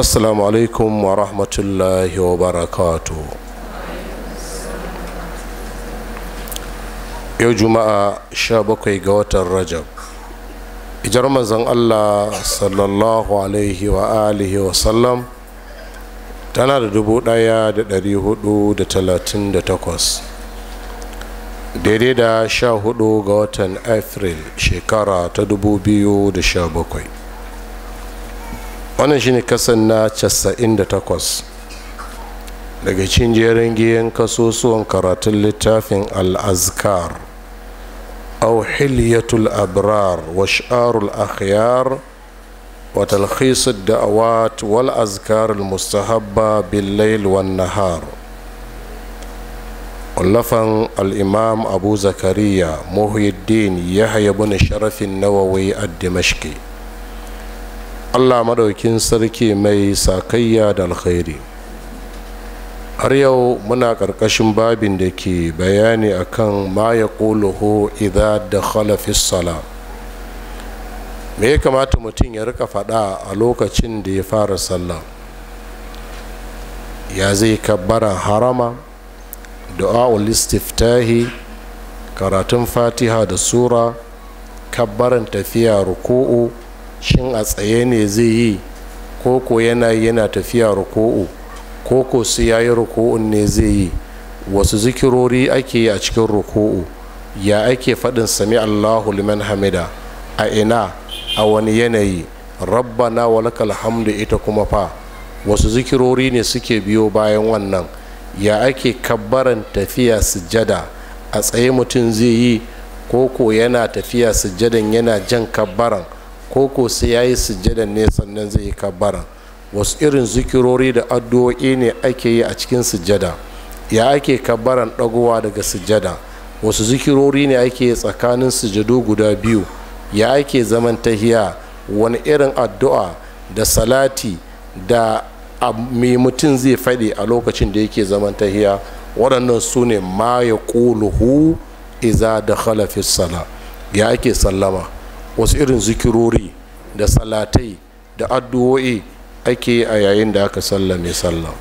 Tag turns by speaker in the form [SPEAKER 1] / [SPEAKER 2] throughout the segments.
[SPEAKER 1] assalamu alaikum wa rahmatullahi wa barakatu yau juma'a sha bakwai ga watan rajab ijar manzan allah sallallahu alaihi wa alihi wa sallam tana da dubu daya da dari hudu da talatin da takwas daidai da sha hudu ga watan afril shekara ta dubu biyu da sha bakwai wannan shine kasan na 98 daga cin jerin giyan kasusuwan karatun littafin al-azkar aw hilyatul abrar wa sha'arul akhyar wa talkhis ad-da'awat wal azkar al-mustahabba bil-layl wan nahar wallafan al-imam abu zakariya muhiddin yahya ibn sharafin an-nawawi a dimashqi allah maɗaukin sarki mai sakayya da alkhairi har yau muna ƙarƙashin babin da ke bayani akan ma ya ƙuluhu idha da khalafis sala me ya kamata mutum ya rika faɗa a lokacin da ya fara sallah ya zai kabbara harama du'a'ul istiftahi karatun fatiha da sura kabbaran tafiya ruku'u shin a tsaye ne zai yi koko yana yana tafiya ruku'u koko su ya yi ruku'un ne zai yi wasu zikirori ake yi a cikin ruku'u ya ake faɗin sami allahu liman hamida a ina a wani yanayi rabbana walakal hamdu ita kuma fa wasu zikirori ne suke biyo bayan wannan ya ake kabbaran tafiya sujjada a tsaye mutum zai yi koko yana tafiya sujjadan yana jan kabbaran ko ko sai ya yi sujjadan ne sannan zai yi kabbaran wasu irin zikirori da addu'o'i ne ake yi a cikin sujjada ya ake kabbaran ɗagowa daga sujjada wasu zikirori ne ake yi tsakanin sujjadu guda biyu ya ake zaman tahiya wani irin addu'a da salati da mai mutum zai faɗi a lokacin da yake zaman tahiya waɗannan su ne ma ya ƙuluhu iza da khalafis sala ya ake sallama wasu irin zikirori da salatai da addu'o'i ake a yayin da aka sallame sallam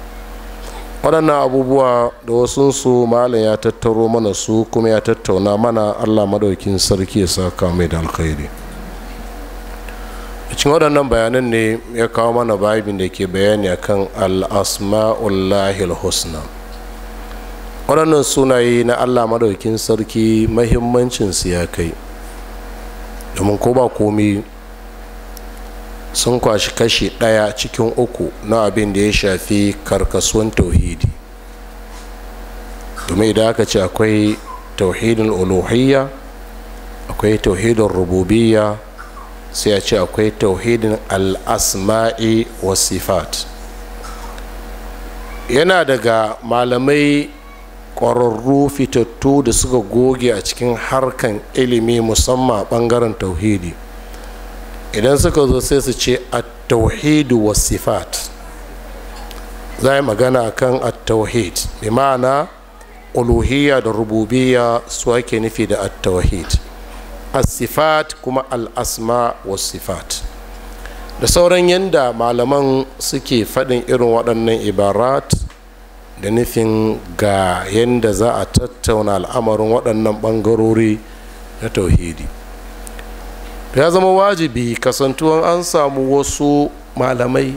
[SPEAKER 1] waɗannan abubuwa da wasunsu malam ya tattaro mana su kuma ya tattauna mana allah madaukin sarki ya kawo mai da alkhairi A cikin waɗannan bayanan ne ya kawo mana babin da ke bayani a kan al'asma'ullahil husna waɗannan sunaye na allah madaukin sarki mahimmancinsu ya kai domin ko ba komi sun kwashi kashi ɗaya cikin uku na abin da ya shafi karkasuwan tauhidi domin idan aka ce akwai tauhidin uluhiyya akwai tauhidin rububiyya sai a ce akwai tauhidin al'asma'i wa sifat yana daga malamai ƙwararru fitattu da suka goge a cikin harkan ilimi musamman a ɓangaren tauhidi idan suka zo sai su ce a tauhidu wa sifat za yi magana kan a tauhid bi ma'ana uluhiyya da rububiyya su ake nufi da a tauhid a sifat kuma al'asma wa sifat da sauran yadda malaman suke faɗin irin waɗannan ibarat da nufin ga yadda za a tattauna al'amarin waɗannan ɓangarori na tauhidi ya zama wajibi kasantuwan an samu wasu malamai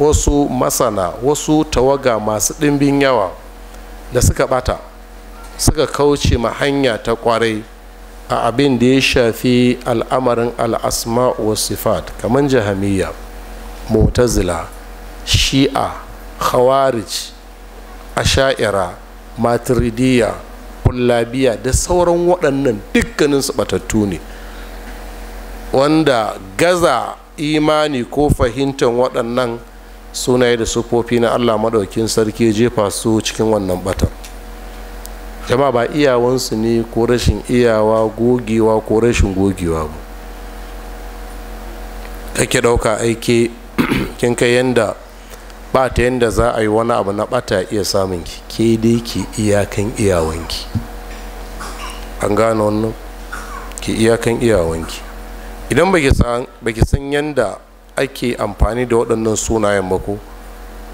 [SPEAKER 1] wasu masana wasu tawaga masu ɗimbin yawa da suka ɓata suka kauce ma hanya ta ƙwarai a abin da ya shafi al'amarin al'asma wa sifat kamar jahamiyya mutazila shi'a khawarij asha'ira matiridiya kullabiya da sauran waɗannan dukkanin su batattu ne wanda gaza imani ko fahimtar waɗannan sunaye da sufofi na allah maɗaukin sarki jefa su cikin wannan batan jama ba iyawansu ne ko rashin iyawa gogewa ko rashin gogewa ba kake ɗauka aiki kinka yanda ba ta yadda za a yi wani abu na bata iya samun ki ke dai ki iyakan iyawanki an gano wannan ki iyakan iyawanki idan ba ki san yadda ake amfani da waɗannan sunayen ba ko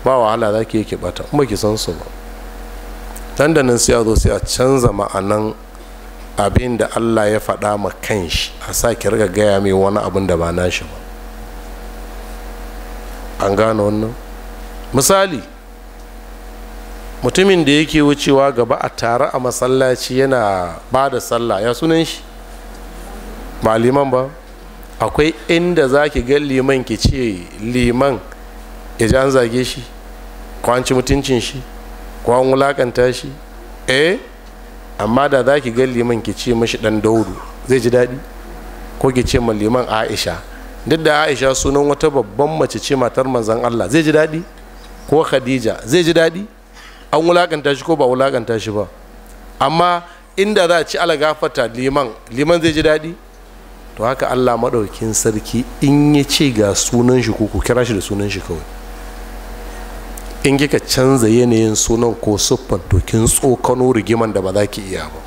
[SPEAKER 1] ba wahala za ki yake bata in ba ki san su ba nan da nan sai a zo sai a canza ma'anan abin da allah ya faɗa ma kan shi a sa ki riga gaya mai wani abin da ba nashi ba an gano wannan misali mutumin da yake wucewa gaba a tare a masallaci yana ba da sallah ya sunan shi ba liman ba akwai inda za ki ga liman ki ce liman ya ji an zage shi ko mutuncin shi ko an wulakanta shi e amma da za ki ga liman ki ce mashi dan daudu zai ji daɗi ko ki ce ma liman aisha duk da aisha sunan wata babban mace ce matar manzan allah zai ji daɗi ko khadija zai ji daɗi an wulakanta shi ko ba wulakanta shi ba amma inda za a ci alagafata liman liman zai ji daɗi to haka allah maɗaukin sarki in ya ce ga sunan shi ko kira shi da sunan shi kawai in kika canza yanayin sunan ko siffan to kin tsokano rigiman da ba za ki iya ba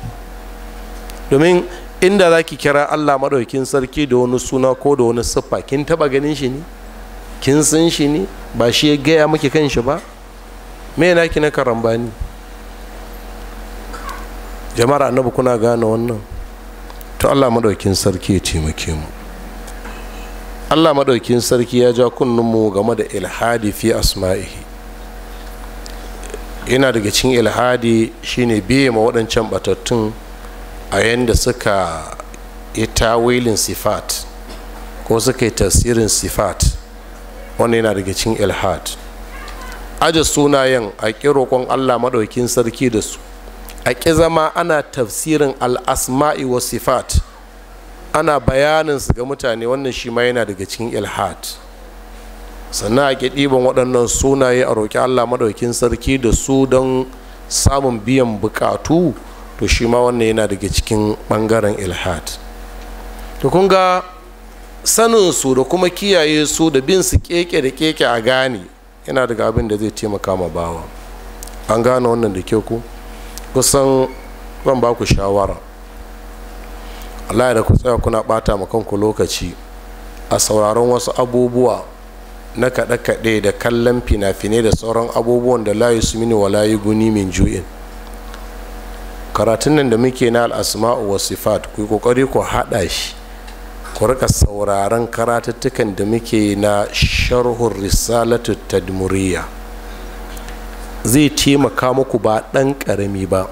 [SPEAKER 1] domin inda za ki kira allah maɗaukin sarki da wani suna ko da wani siffa kin taɓa ganin shi ne kin san shi ne ba shi ya gaya maki kan shi ba me na ki na karambani jama'ar annabi kuna gane wannan to allah maɗaukin sarki ya taimake mu allah maɗaukin sarki ya ja mu game da ilhadi fi asma'ihi yana daga cikin ilhadi shine biye ma waɗancan batattun a yadda suka yi tawilin sifat ko suka yi tasirin sifat wannan yana daga cikin ilhad aje sunayen a ƙi roƙon allah maɗaukin sarki da su a ƙi zama ana tafsirin al'asma'i wa sifat ana bayanin su ga mutane wannan shi ma yana daga cikin ilhad sannan a ƙi ɗiban waɗannan sunaye a roƙi allah maɗaukin sarki da su don samun biyan buƙatu to shi ma wannan yana daga cikin ɓangaren ilhad to kun ga sanin su da kuma kiyaye su da bin su keke da keke a gane yana daga abin da zai taimaka ma bawa an gane wannan da ke ku kusan ban ba ku shawara Allah da ku tsaya kuna bata ma kanku lokaci a sauraron wasu abubuwa na kaɗe-kaɗe da kallon fina-finai da sauran abubuwan da layu su mini wa layu guni min ju'in karatun nan da muke na al'asma'u wa sifat ku yi kokari ku haɗa shi ku rika sauraron karatattukan da muke na sharhun risalatu tadmuriya zai taimaka muku ba ɗan ƙarami ba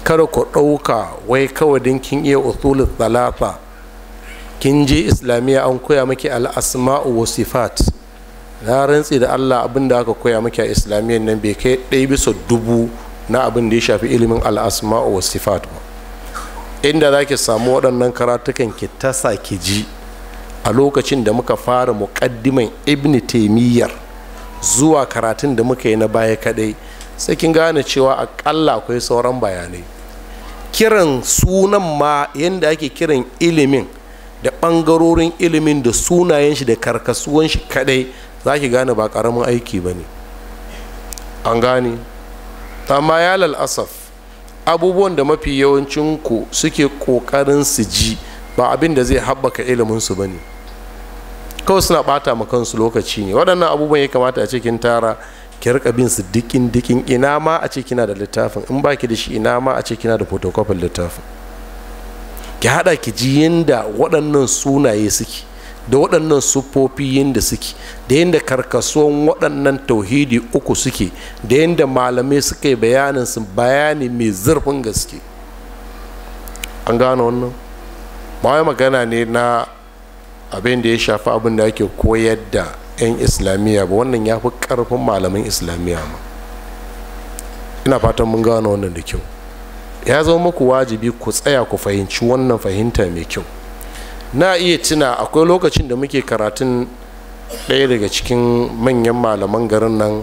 [SPEAKER 1] kada ku ɗauka wai kawai din kin iya usul talata kin je islamiyya an koya maki al'asma'u wa sifat na rantsi da allah abin da aka koya maki a islamiyyar nan bai kai ɗaya bisa dubu na abin da ya shafi ilimin asma'u wa sifat ba inda za ki samu waɗannan karatukan ki ta sa ki ji a lokacin da muka fara muƙaddiman ibn taimiyyar zuwa karatun da muka yi na baya kaɗai sai kin gane cewa aƙalla akwai sauran bayanai kiran sunan ma yadda ake kiran ilimin da ɓangarorin ilimin da sunayen shi da karkasuwan shi kaɗai za ki gane ba ƙaramin aiki ba ne an gane amma ya asaf abubuwan da mafi yawancin ku suke kokarin su ji ba abin da zai haɓaka ilimin su bane kawai suna ɓata ma kansu lokaci ne waɗannan abubuwan ya kamata a cikin tara ki rika bin su dikin dikin ina ma a ce kina da littafin in baki da shi ina ma a ce kina da photocopy littafin ki hada ki ji yinda waɗannan sunaye suke da waɗannan siffofi yadda suke da yadda karkasuwan waɗannan tauhidi uku suke da yadda malamai suka yi bayanin su bayani mai zurfin gaske an gano wannan ba magana ne na abin da ya shafi abin da ake koyar da 'yan islamiyya ba wannan ya fi ƙarfin malamin islamiyya ma ina fatan mun gano wannan da kyau ya zama muku wajibi ku tsaya ku fahimci wannan fahimta mai kyau na iya tuna akwai lokacin da muke karatun ɗaya daga cikin manyan malaman garin nan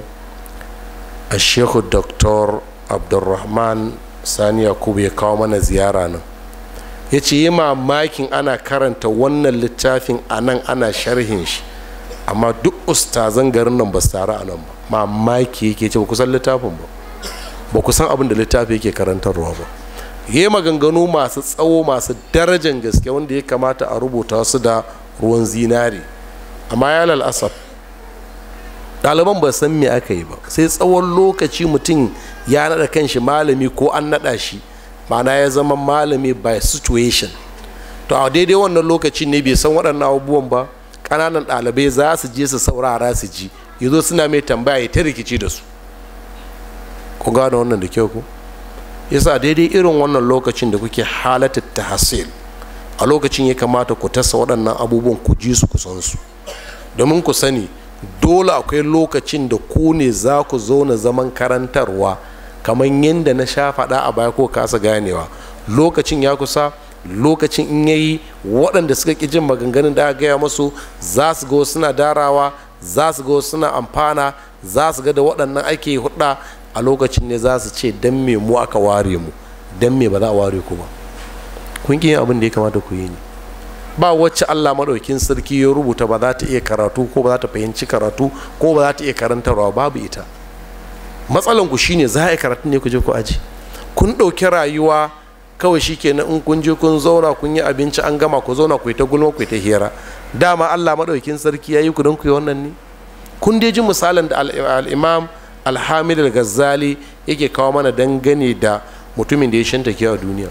[SPEAKER 1] a shehu dr abdulrahman sani yakubu ya kawo mana ziyara nan ya ce yi mamakin ana karanta wannan littafin a nan ana sharhin shi amma duk ustazan garin nan ba su taru a nan ba mamaki yake ce ba kusan littafin ba ba kusan abin da littafi yake karantarwa ba yi maganganu masu tsawo masu darajan gaske wanda ya kamata a rubuta su da ruwan zinari amma ya lalasar ɗaliban ba san me aka yi ba sai tsawon lokaci mutum ya naɗa kanshi malami ko an naɗa shi mana ya zama malami by situation to a daidai wannan lokaci ne bai san waɗannan abubuwan ba ƙananan ɗalibai za su je su saurara su ji zo suna mai tambaya ya ta rikici da su ku gane wannan da kyau ku yasa daidai irin wannan lokacin da kuke halatta tahsil a lokacin ya kamata ku tasa waɗannan abubuwan ku ji su ku san su domin ku sani dole akwai lokacin da ku ne za ku zauna zaman karantarwa kamar yadda na sha faɗa a baya ko kasa ganewa lokacin ya kusa lokacin in yayi waɗanda suka ƙi jin maganganun da aka gaya musu za su ga suna darawa za su ga suna amfana za su ga da waɗannan ake huɗa. a lokacin ne za su ce don me mu aka ware mu don me ba za a ware ku ba kun yi abin da ya kamata ku yi ne ba wacce Allah maɗaukin sarki ya rubuta ba za ta iya karatu ko ba za ta fahimci karatu ko ba za ta iya karantarwa babu ita matsalan ku shine za a yi karatu ne ku je ku aji kun ɗauki rayuwa kawai shi ke in kun je kun zauna kun yi abinci an gama ku zauna ku yi ta gulma ku yi ta hira dama Allah maɗaukin sarki ya yi ku don ku yi wannan ne kun dai ji misalin da al-imam al al alhamid al-ghazali yake kawo mana dangane da mutumin da ya shanta ke a duniya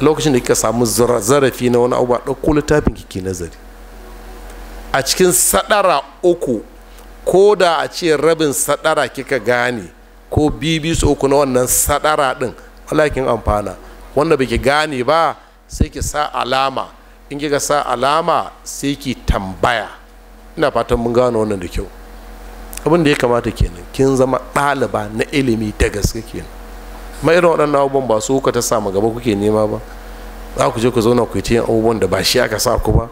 [SPEAKER 1] lokacin da kika samu zarafi na wani abu a ɗauko littafin kike nazari a cikin sadara uku ko da a ce rabin sadara kika gane ko bibi uku na wannan sadara din walakin amfana wanda baki gane ba sai ki sa alama in kika sa alama sai ki tambaya ina fatan mun gane wannan da kyau abin da ya kamata kenan kin zama ɗaliba na ilimi da gaske kenan ma irin waɗannan abubuwan ba su ka ta samu gaba kuke nema ba za ku je ku zauna ku yi abubuwan da ba shi aka sa ku ba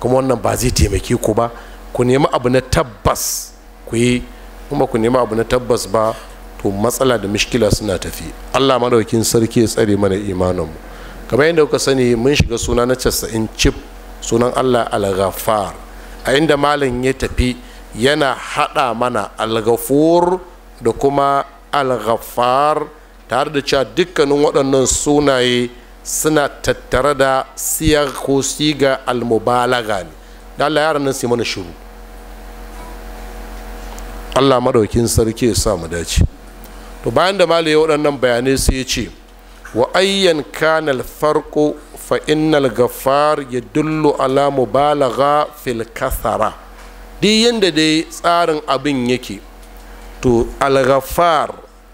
[SPEAKER 1] kuma wannan ba zai taimake ku ba ku nemi abu na tabbas ku yi kuma ku nemi abu na tabbas ba to matsala da mishkila suna tafi allah madaukin sarki ya tsare mana imanin mu kamar yadda kuka sani mun shiga suna na casa'in cif sunan allah al a inda malam ya tafi yana haɗa mana alghafur da kuma alghafar tare da cewa dukkanin waɗannan sunaye suna tattare da siyar ko siga almubalaga ne da Allah ya nan mana shiru Allah maɗaukin sarki ya sa mu dace to bayan da malai ya waɗannan bayanai sai ya ce wa ayyan kanal farko fa innal ya yadullu ala mubalaga fil kasara duk yadda dai tsarin abin yake to alghafar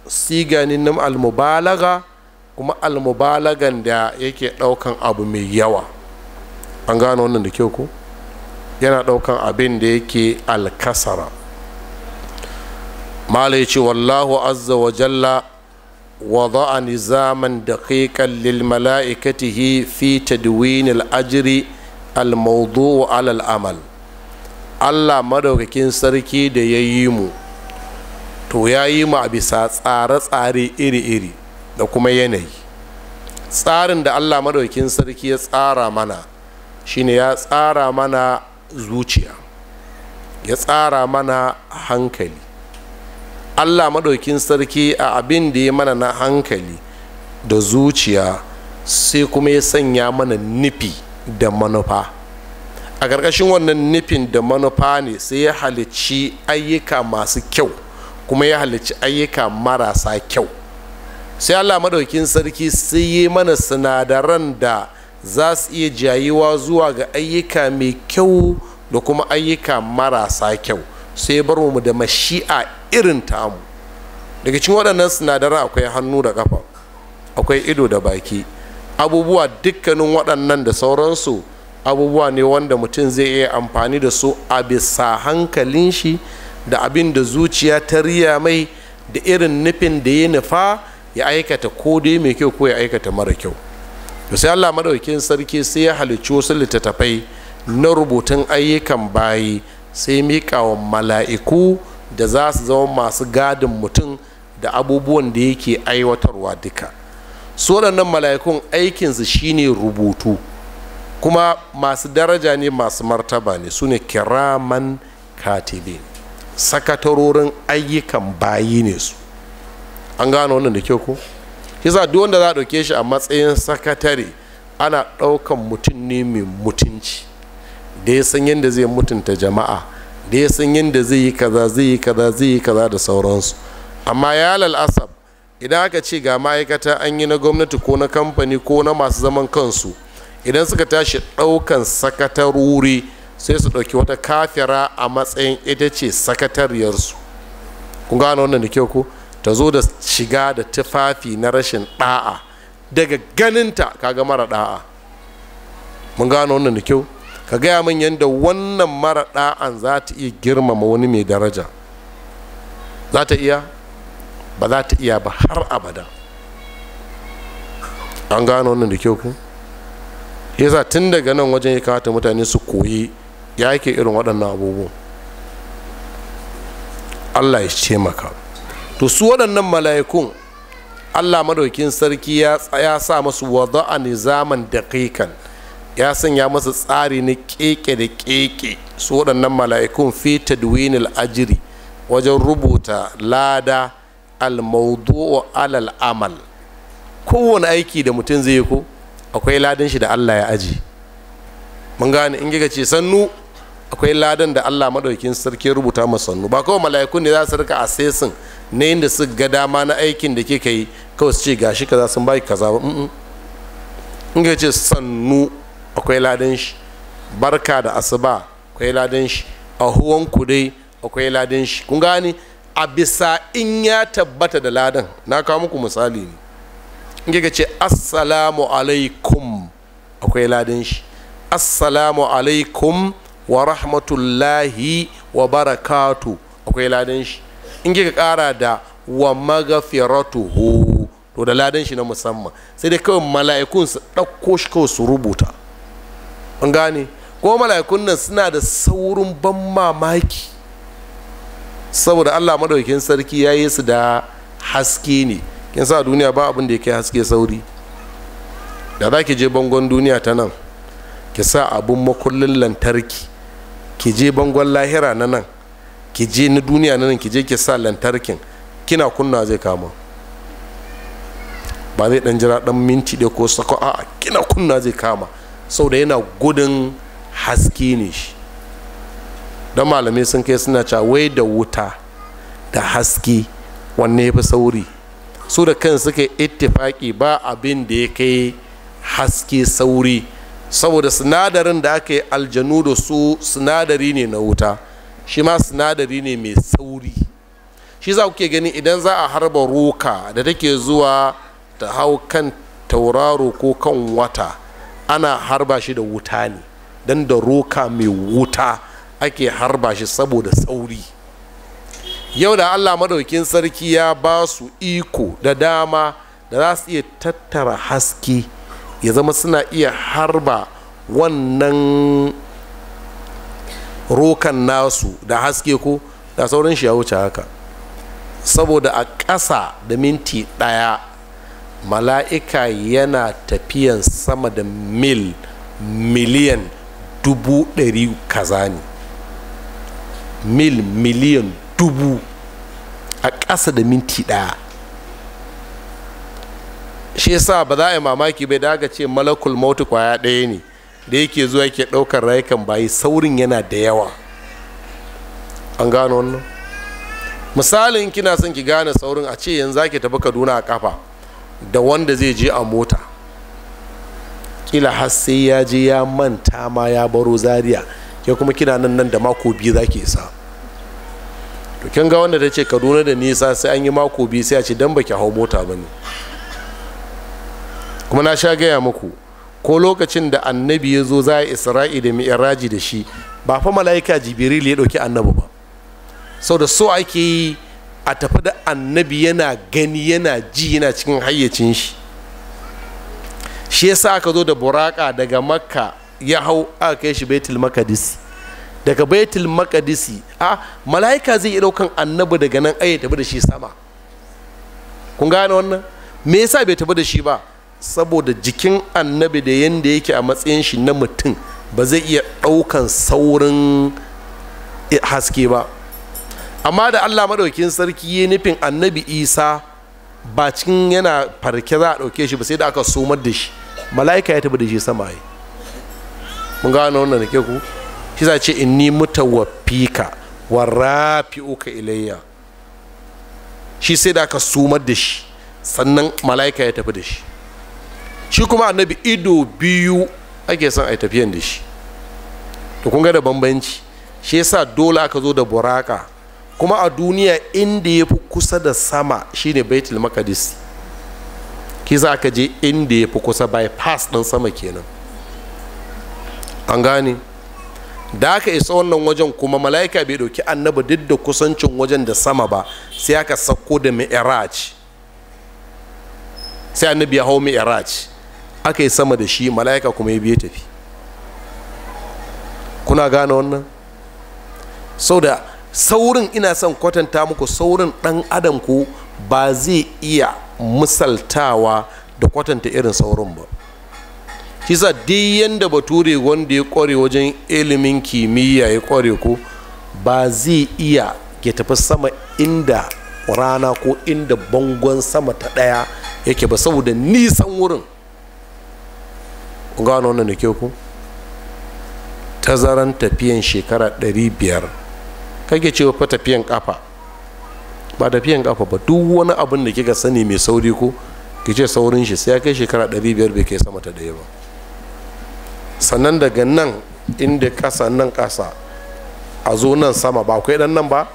[SPEAKER 1] siga ne na almubalaga kuma almubalagan da yake ɗaukan abu mai yawa an gano wannan da kyau ko yana ɗaukan abin da yake alkasara mala ya wallahu azza wa jalla وضع نظاما دقيقا للملائكته في تدوين الأجر الموضوع على العمل allah madaukakin sarki da ya yi mu to ya yi mu a bisa tsare-tsare iri-iri da kuma yanayi tsarin da allah madaukakin sarki ya tsara mana shine ya tsara mana zuciya ya tsara mana hankali allah madaukakin sarki a abin da ya mana na hankali da zuciya sai kuma ya sanya mana nufi da manufa a ƙarƙashin wannan nufin da manufa ne sai ya halicci ayyuka masu kyau kuma ya halicci ayyuka marasa kyau sai allah maɗaukin sarki sai yi mana sinadaran da za su iya jayewa zuwa ga ayyuka mai kyau da kuma ayyuka marasa kyau sai bar mu da mashi'a irin tamu daga cikin waɗannan sinadaran akwai hannu da kafa akwai ido da baki abubuwa dukkanin waɗannan da sauransu abubuwa ne wanda mutum zai iya amfani da su a bisa hankalin shi da abin da zuciya ta riya mai da irin nufin da ya nufa ya aikata ko dai mai kyau ko ya aikata mara kyau da sai allah maɗaukin sarki sai ya halicci wasu littattafai na rubutun ayyukan bayi sai miƙa wa mala'iku da za su zama masu gadin mutum da abubuwan da yake aiwatarwa duka su waɗannan mala'ikun aikinsu shine rubutu kuma masu daraja ne masu martaba ne su ne kiraman katibi sakatarorin ayyukan bayi ne su an gano wannan da ke ko shi za duk wanda za a ɗauke shi a matsayin sakatare ana ɗaukan mutum ne mai mutunci da ya san yadda zai mutunta jama'a da ya san yadda zai yi kaza zai yi kaza zai yi kaza da sauransu amma ya lalasab idan aka ce ga ma'aikata an yi na gwamnati ko na kamfani ko na masu zaman kansu idan suka tashi ɗaukan sakatarori sai su ɗauki wata kafira a matsayin ita ce sakatariyarsu kun gano wannan da kyau ko ta zo da shiga da tufafi na rashin ɗa'a daga ganinta kaga mara ɗa'a mun gano wannan da kyau ka gaya min yadda wannan mara ɗa'an za ta iya girmama wani mai daraja za ta iya ba za ta iya ba har abada an gano wannan da kyau ku yasa tun daga nan wajen ya kawata mutane su koyi ya yake irin waɗannan abubuwan allah ya ce maka to su waɗannan mala'ikun allah madaukin sarki ya sa masu a nizaman daƙiƙan ya sanya masa tsari na keke da keke su waɗannan mala'ikun fi tadwinil ajiri wajen rubuta lada al-mawdu'u alal amal kowane aiki da mutum zai yi ko akwai ladan shi da allah ya aji mun gane in giga ce sannu akwai ladan da allah maɗaukin sarki rubuta ma sannu ba kawai mala'iku ne za su rika asesin na inda su ga dama na aikin da kika yi kawai su ce gashi kaza sun baki kaza ba in giga ce sannu akwai ladan shi barka da asuba akwai ladan shi a huwan kudai akwai ladan shi kun gane a bisa in ya tabbata da ladan na kawo muku misali ne in ce assalamu alaikum akwai ladin shi assalamu alaikum wa rahmatullahi wa barakatu akwai ladin shi in kara da wa magafiratuhu to da ladin shi na musamman sai dai kawai mala'ikun su ɗauko shi kawai su rubuta an gane ko mala'ikun nan suna da saurin ban mamaki saboda allah madaukin sarki ya yi su da haske ne kin sa duniya ba abin da ya kai haske sauri da za ki je bangon duniya ta nan ki sa abin makullin lantarki ki je bangon lahira na nan ki je na duniya na nan ki je ki sa lantarkin kina kunna zai kama ba zai dan jira dan minti da ko sako a'a kina kunna zai kama sau da yana gudun haske ne shi don malamai sun kai suna cewa wai da wuta da haske wanne ya fi sauri su da kan suka ittifaki ba abin da ya kai haske sauri saboda sinadarin da aka yi aljanu da su sinadari ne na wuta shi ma sinadari ne mai sauri shi za kuke gani idan za a harba roka da take zuwa ta hau kan tauraro ko kan wata ana harba shi da wuta ne don da roka mai wuta ake harba shi saboda sauri yau da allah madaukin sarki ya ba su iko da dama da za su iya tattara haske ya zama suna iya harba wannan rokan nasu da haske ko da sauran shi ya wuce haka saboda a ƙasa da minti ɗaya mala'ika yana tafiyan sama da mil miliyan dubu ɗari kaza ne mil miliyan dubu a ƙasa da minti ɗaya shi yasa ba za a yi mamaki bai daga ce malakul mautu kwaya ɗaya ne da yake zuwa yake ɗaukar rayukan bayi saurin yana da yawa an gano wannan misalin kina son ki gane saurin a ce yanzu ake tafi kaduna a kafa da wanda zai je a mota kila har sai ya je ya manta ma ya baro zaria ke kuma kina nan nan da mako biyu za ki isa to kin ga wanda ta ce kaduna da nisa sai an yi mako biyu sai a ce dan baki hau mota ba ne kuma na sha gaya muku ko lokacin da annabi ya zo za a isra'i da mi'raji da shi ba fa mala'ika jibril ya ɗauki annabi ba sau da so ake yi a tafi da annabi yana gani yana ji yana cikin hayyacin shi shi yasa aka zo da buraka daga makka ya hau aka kai shi baitul makadis daga baitul maqdisi a mala'ika zai iya daukan annabi daga nan ayi ya tafi da shi sama kun gane wannan me yasa bai tafi da shi ba saboda jikin annabi da yanda yake a matsayin shi na mutum ba zai iya daukan saurin haske ba amma da allah maɗaukin sarki ya nufin annabi isa ba cikin yana farke za a ɗauke shi ba sai da aka somar da shi mala'ika ya tafi da shi sama yi mun gane wannan da ke ku shi za ce ni mutawaffika wa rafi'uka ilayya shi sai da aka sumar da shi sannan mala'ika ya tafi da shi shi kuma annabi ido biyu ake son a yi tafiyan da shi to kun ga da bambanci shi yasa dole aka zo da buraka kuma a duniya inda ya fi kusa da sama shine baitul makadis ki za ka je inda ya fi kusa bypass ɗin sama kenan an gane da aka isa wannan wajen kuma mala'ika bai ɗauki annabi duk da kusancin wajen da sama ba sai aka sako da mi'raj sai annabi ya hau mi'raj aka yi sama da shi mala'ika kuma ya biye tafi kuna gane wannan sau da saurin ina son kwatanta muku saurin ɗan adam ku ba zai iya misaltawa da kwatanta irin saurin ba kisa duk yanda bature wanda ya kware wajen ilimin kimiyya ya kware ko ba zai iya ya tafi sama inda rana ko inda bangon sama ta ɗaya yake ba saboda nisan wurin gano wannan da ku tazaran tafiyan shekara 500 kage cewa fa tafiyan kafa ba tafiyan kafa ba duk wani abin da kika sani mai sauri ko kice saurin shi sai ya kai shekara 500 bai kai sama ta ɗaya ba sannan daga nan inda kasa nan kasa a zo nan sama ba akwai dan nan ba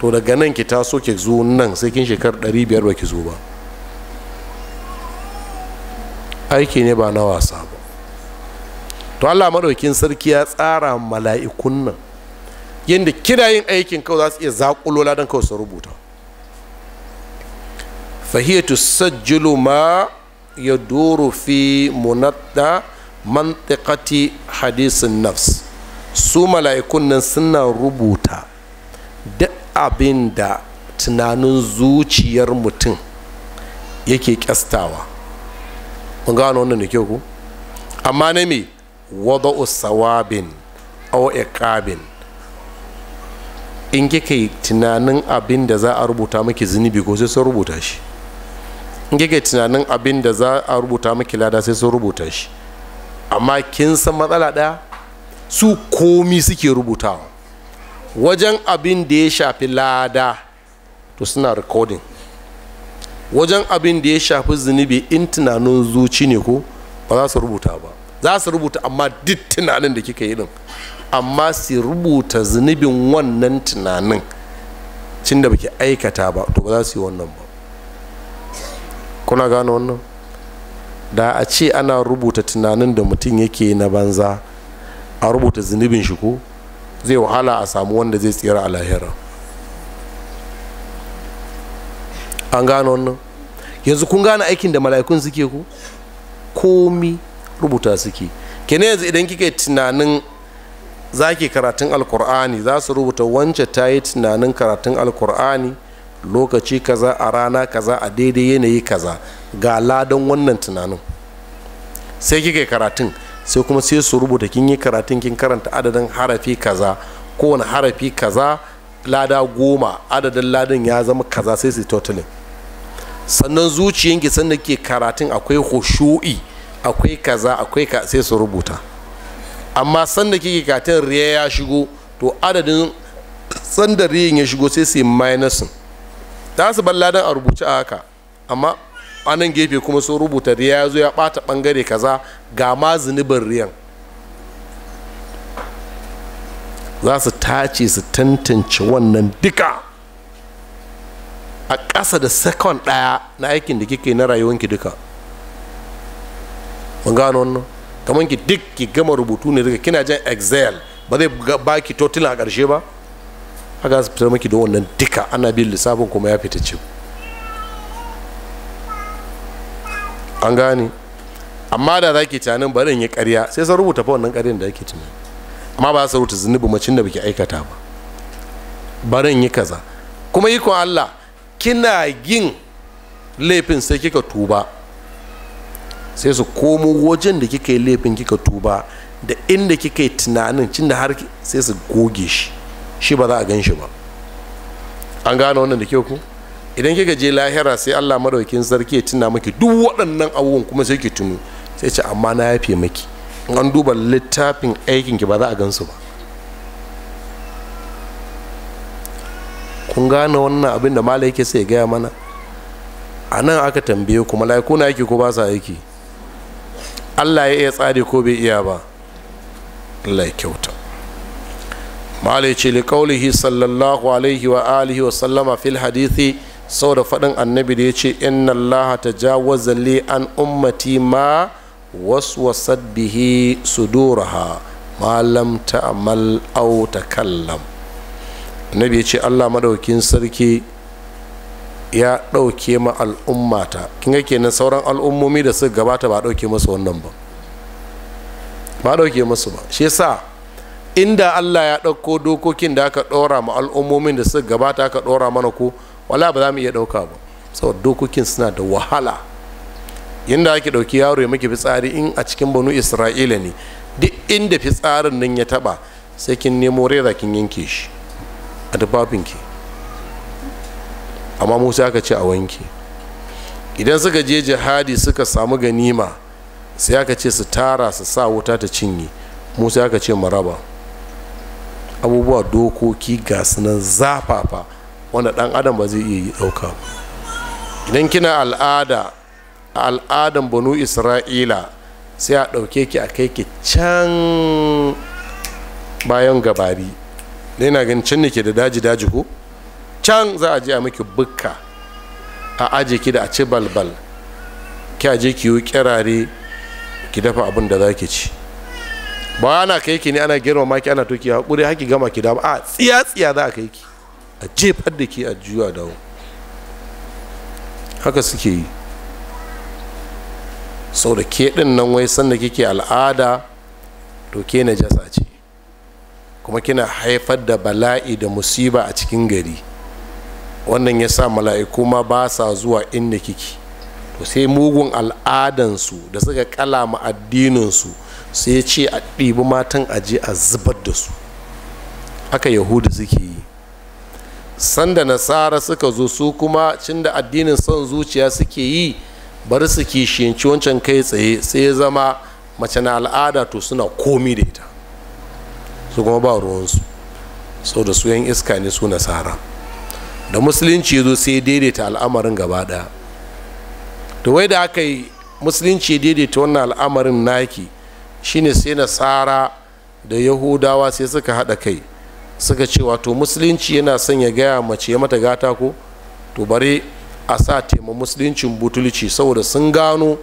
[SPEAKER 1] to daga nan ki taso ki zo nan sai kin shekar 500 ba ki zo ba aiki ne ba na wasa ba to allah maɗaukin sarki ya tsara mala'ikun nan yadda kina yin aikin kawai za su iya zakulola don kawai su rubuta fahiyatu sajjulu ma ya doro fi munatta mantikati hadisin nafs su mala'ikun nan suna rubuta duk abin da tunanin zuciyar mutum yake kyastawa mun gano wannan da kyau ku amma na me wada'u sawabin au ikabin in kika yi tunanin abin da za a rubuta maki zunubi ko sai sun rubuta shi in kika yi tunanin abin da za a rubuta maki lada sai sun rubuta shi amma kin san matsala ɗaya su komi suke rubuta wajen abin da ya shafi lada to suna recording wajen abin da ya shafi zunubi in tunanin zuci ne ko ba za su rubuta ba za su rubuta amma duk tunanin da kika yi din amma su rubuta zunubin wannan tunanin cin baki aikata ba to ba za su yi wannan ba kuna gane wannan da a ce ana rubuta tunanin da mutum yake na banza a rubuta zunubin shi ko zai wahala a samu wanda zai tsira a lahira an gano wannan yanzu kun gane aikin da mala'ikun suke ku komi rubuta suke kene yanzu idan kike tunanin za ki karatun alkur'ani za su rubuta wance ta yi tunanin karatun alkur'ani lokaci kaza a rana kaza a daidai yanayi kaza ga ladan wannan tunanin sai kika karatun sai kuma sai su rubuta kin yi karatun kin karanta adadin harafi kaza kowane harafi kaza lada goma adadin ladan ya zama kaza sai su totalin sannan ki sannan ke karatun akwai hoshu'i akwai kaza akwai ka sai su rubuta amma sanda kike katin riya ya shigo to adadin sanda riyin ya shigo sai su yi minusin ta su ladan a rubuce a haka amma anan gefe kuma sun rubuta riya ya zo ya bata bangare kaza ga ma zunubin riyan za su tace su tantance wannan duka a ƙasa da sakon ɗaya na aikin da kike na rayuwanki duka mun gano wannan kamar ki duk ki gama rubutu ne daga kina jan excel ba zai ba ki totila a ƙarshe ba haka za su fitar maki da wannan duka ana bin lissafin kuma ya fita ce an gane amma da za ki tunanin barin ya karya sai sun rubuta fa wannan ƙaryan da ake tunani amma ba su rubuta zunubi macin da baki aikata ba barin yi kaza kuma ikon Allah kina yin laifin sai kika tuba sai su komo wajen da kika yi laifin kika tuba da inda kika yi tunanin cin da har sai su goge shi shi ba za a gan shi ba an gane wannan da kyau ku idan kika je lahira sai Allah madaukin sarki ya tuna miki duk waɗannan abubuwan kuma sai ki tuno sai ce amma na yafe miki in an duba littafin aikin ki ba za a gansu ba kun gane wannan abin da malai yake sai gaya mana a nan aka tambaye kuma mala'iku na aiki ko ba sa aiki Allah ya iya tsari ko bai iya ba Allah ya kyauta malai ce li kaulihi sallallahu alaihi wa alihi wa sallama fil hadithi saboda faɗin annabi da ya ce inna allaha ja li an ummati ma waswasat bihi suduraha ma lam ta'mal aw takallam annabi ya ce Allah madaukin sarki ya ɗauke ma al'ummata kin ga kenan sauran al'ummomi da suka gabata ba ɗauke musu wannan ba ba ɗauke musu ba shi yasa inda Allah ya ɗauko dokokin da aka ɗora ma al'ummomin da suka gabata aka ɗora mana ko wala ba za mu iya ɗauka ba saboda dokokin suna da wahala yadda ake ɗauki yaro ya maki fitsari in a cikin banu isra'ila ne duk inda fitsarin nan ya taɓa sai kin nemo rera kin yanke shi a ki amma musa aka ce a wanke idan suka je jihadi suka samu ganima sai aka ce su tara su sa wuta ta cinye musa aka ce maraba abubuwa dokoki ga sunan zafafa wanda ɗan adam ba zai iya yi ɗauka idan kina al'ada a al'adan banu isra'ila sai a ɗauke ki a kai ki can bayan gabari da yana ganin can ne da daji daji ko can za a je a miki bukka a aje ki da a ci balbal ki aje ki yi kirare ki dafa abin da za ki ci ba ana kai ki ne ana girmama ki ana toki haƙuri haki gama ki dama a tsiya tsiya za a kai ki a jefar da ke a juya dawo haka suke yi sau da ke ɗin nan wai sanda kike al'ada to ke na jasa ce kuma kina haifar da bala'i da musiba a cikin gari wannan ya sa mala'iku ma ba sa zuwa inda kiki to sai mugun al'adansu da suka kalama addininsu sai ce a ɗibi matan aje a zubar da su haka yahudu suke yi sanda nasara suka zo su kuma cinda addinin son zuciya suke yi bari su kishiyanci wancan kai tsaye sai ya zama mace na al'ada to suna komi da ita su kuma ba ruwansu sau da su yan iska ne su nasara da musulunci ya zo sai daidaita al'amarin gaba ɗaya to wai da aka yi musulunci daidaita wannan al'amarin naki shine sai nasara da yahudawa sai suka haɗa kai suka ce wato musulunci yana son ya gaya mace mata gata ko to bari a sa tema musuluncin butulci saboda sun gano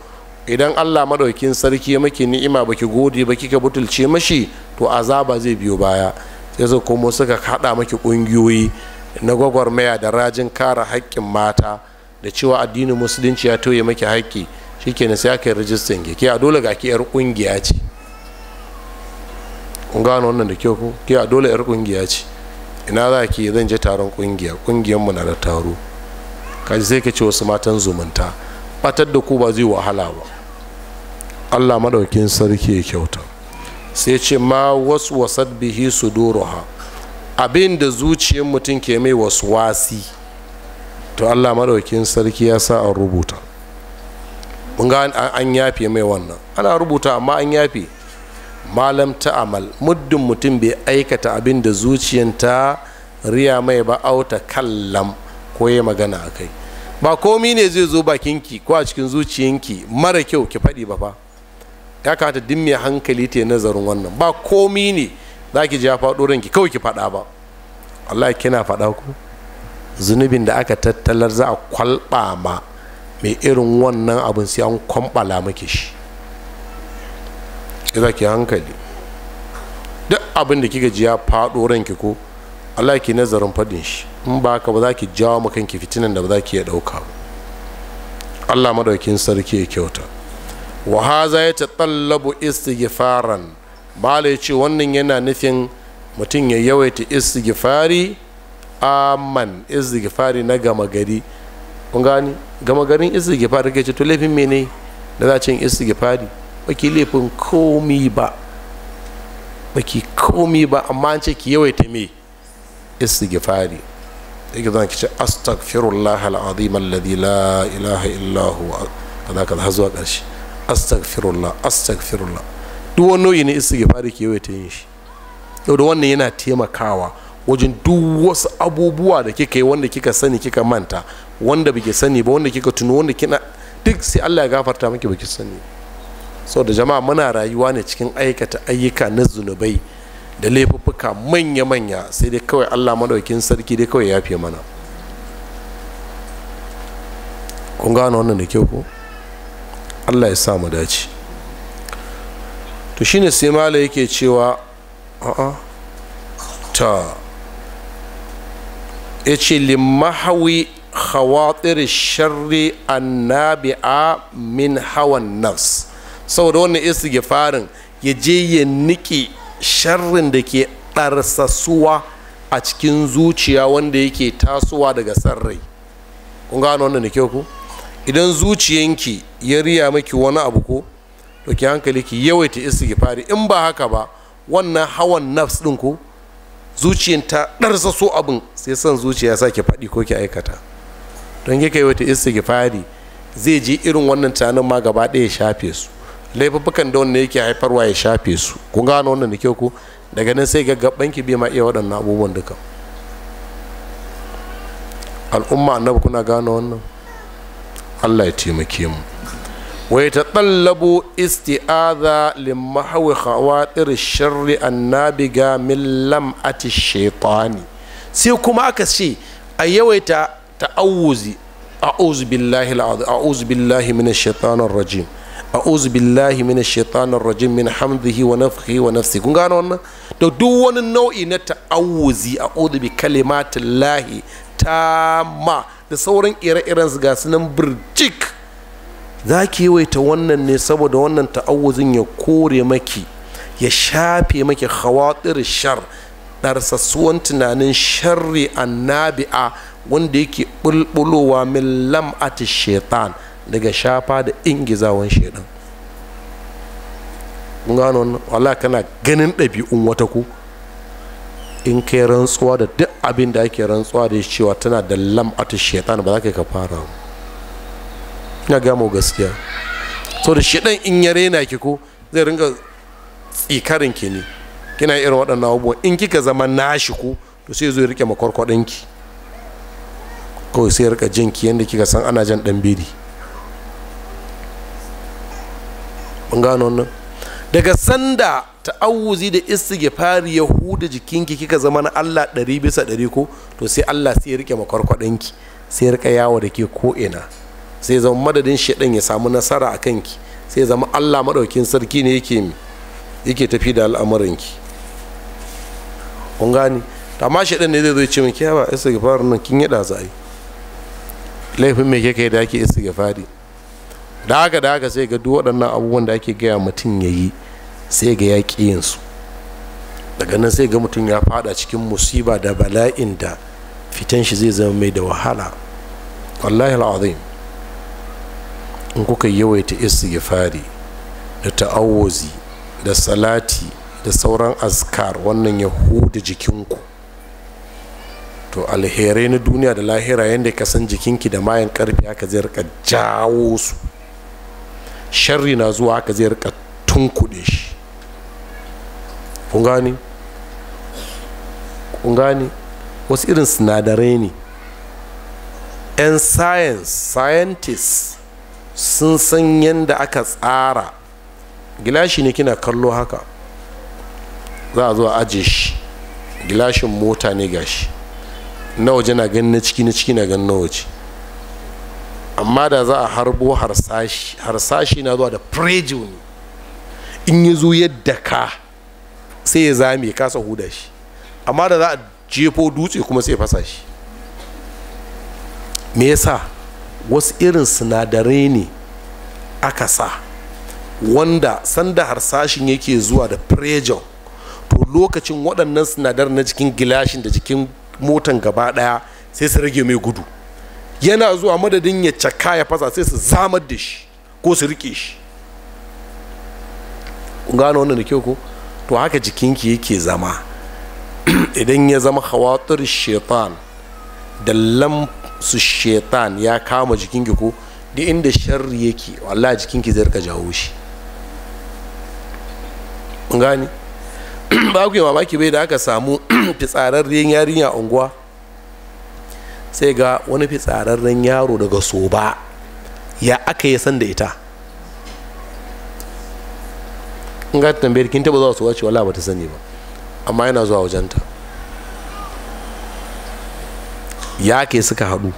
[SPEAKER 1] idan allah maɗaukin sarki ya maki ni'ima baki gode ba ka butulce mashi to azaba zai biyo baya sai su komo suka haɗa maki ƙungiyoyi na gwagwarmaya da rajin kare haƙƙin mata da cewa addinin musulunci ya toye maki haƙƙi shikenan sai aka yi rijistan ke a dole ga ki yar ƙungiya ce kun gano wannan da kyau ko ke a dole yar kungiya ce ina za ki zan je taron kungiya kungiyan mu na da taro kaji sai ka ce wasu matan zumunta batar da ku ba zai wahala ba Allah madaukin sarki ya kyauta sai ce ma wasu wasad bihi suduruha abin da zuciyar mutum ke mai wasu wasi to Allah madaukin sarki ya sa an rubuta mun ga an yafe mai wannan ana rubuta amma an yafe malam ta amal muddin mutum bai aikata abin da zuciyanta riya mai ba auta kallam ko ya magana a kai ba komi ne zai zo bakinki ko a cikin zuciyanki mara kyau ki faɗi ba fa ya kata dimmi mai hankali ta nazarin wannan ba komi ne za ki ja faɗo ranki kawai ki faɗa ba Allah kina faɗa ku zunubin da aka tattalar za a kwalɓa ma mai irin wannan abin sai an kwamɓala maki shi za ki hankali duk abin da kika ji ya faɗo ranki ko Allah ki nazarin faɗin shi in ba ka ba za ki jawo ma kanki fitinan da ba za ki iya ɗauka ba Allah madaukin sarki ya kyauta wa haza ya tattallabu istighfaran la ya ce wannan yana nufin mutum ya yawaita istighfari amman istighfari na gama gari kun gani gama garin istighfari kai ce to laifin mene da za a ce istighfari baki laifin komi ba baki komi ba amma an ce ki yawaita me istighfari yake zan kice astaghfirullah alazim alladhi la ilaha illa huwa kaza kaza har zuwa ƙarshe astaghfirullah astaghfirullah duk wani nau'i ne istighfari ki yawaita yin shi da wannan yana taimakawa wajen duk wasu abubuwa da kika yi wanda kika sani kika manta wanda bike sani ba wanda kika tuno wanda kina duk sai Allah ya gafarta miki baki sani ba sau da jama'a muna rayuwa ne cikin aikata ayyuka na zunubai da laifuffuka manya-manya sai dai kawai allah madaukin sarki dai kawai ya fi mana kun gano wannan da kyau ko allah ya sa mu dace to shine sai mala yake cewa a'a ta ya ce limahawi khawatir sharri annabi'a min hawan nafs saboda wannan istighfarin ya je ya niƙe sharrin da ke ɗarsasuwa a cikin zuciya wanda yake tasowa daga sarrai kun gano wannan da kyau ku idan zuciyanki ya riya maki wani abu ko to ki hankali ki yawaita istighfari in ba haka ba wannan hawan nafs din ku zuciyan ta ɗarsa so abin sai son zuciya sa ki faɗi ko ki aikata don ki kai wata istighfari zai je irin wannan tunanin ma gaba ɗaya shafe su laifuffukan da wanda yake haifarwa ya shafe su ku gano wannan da kyau ku daga nan sai gaggaban ki bai ma iya waɗannan abubuwan duka al'umma annabi kuna gano wannan Allah ya taimake mu wa yatatallabu isti'adha limahwi khawatir sharri annabiga min lam'ati shekwani sai kuma aka ce a yawaita ta'awuzi a'udhu billahi a'udhu billahi rajim a'udhu billahi minash shaitanir rajim min hamdihi wa nafhi wa nafsi kun gano wannan to duk wani nau'i na ta'awuzi a'udhu bi kalimatillahi tamma da sauran ire-iren su ga sunan birjik za ki yawaita wannan ne saboda wannan ta'awuzin ya kore maki ya shafe maki khawatir shar ɗarsassuwan tunanin sharri annabi'a wanda yake bulbulowa min lam'ati shaitan daga shafa da ingizawan shedan kun gano wala kana ganin ɗabi'un wata ku in kai rantsuwa da duk abin da ake rantsuwa da cewa tana da lam'atu shetan ba za ka fara ina gamo gaskiya so da shaidan in ya rena ki ko zai ringa tsikarin ki ne kina irin waɗannan abubuwa in kika zama nashi ku to sai zo ya rike makwarkwaɗin ki kawai sai ya rika jinki yadda kika san ana jan ɗan biri mun gano wannan daga sanda ta'awuzi da istighfari ya huda jikinki kika zama na Allah ɗari bisa ɗari ko to sai Allah sai ya rike makwarkwaɗinki sai ya rika yawo da ke ko ina sai zama madadin shedan ya samu nasara a kanki sai zama Allah madaukin sarki ne yake mi yake tafi da al'amuranki kun gani amma shedan ne zai zo ce miki yawa istighfar nan kin yi zai laifin me kake da ake istighfari Daga daga zai ga duk waɗannan abubuwan da ake gaya mutum ya yi sai ga ya yinsu daga nan sai ga mutum ya fada cikin musiba da bala'in da fitan shi zai zama mai da wahala wallahi al'azim in kuka yawaita istighfari da ta'awozi da salati da sauran azkar wannan ya huda jikinku to alherai na duniya da lahira yadda ka san jikinki da mayan karfi haka zai rika jawo su sharri na zuwa haka zai rika tunkuɗe shi ƙungani ƙungani wasu irin sinadarai ne 'yan science scientists sun san yadda aka tsara gilashi ne kina kallo haka za a zuwa a aje shi gilashin mota ne gashi na waje na ganin na ciki na ciki na ganin na waje amma da za a harbo harsashi harsashi na zuwa da prejuni ne in yi zo yadda ka sai ya zame kasa huda shi amma da za a jefo dutse kuma sai fasa shi me yasa wasu irin sinadarai ne aka sa wanda sanda harsashin yake zuwa da prejo to lokacin waɗannan sinadarai na jikin gilashin da jikin motan gaba ɗaya sai su rage mai gudu yana zuwa madadin ya caka ya fasa sai su zamar da shi ko su rike shi gano wannan da kyau ko to haka jikinki yake zama idan ya zama hawatar shaitan da lamsu shaitan ya kama jikinki ko da inda sharri yake wallah jikinki zai rika jawo shi gani ba ku yi mamaki bai da aka samu fitsararriyar yarinya unguwa sai ga wani fitsararren yaro daga soba ya aka yi sanda da ita in ga tambayar kin taba zuwa soba ce wala bata sani ba amma yana zuwa wajenta ya ke suka haɗu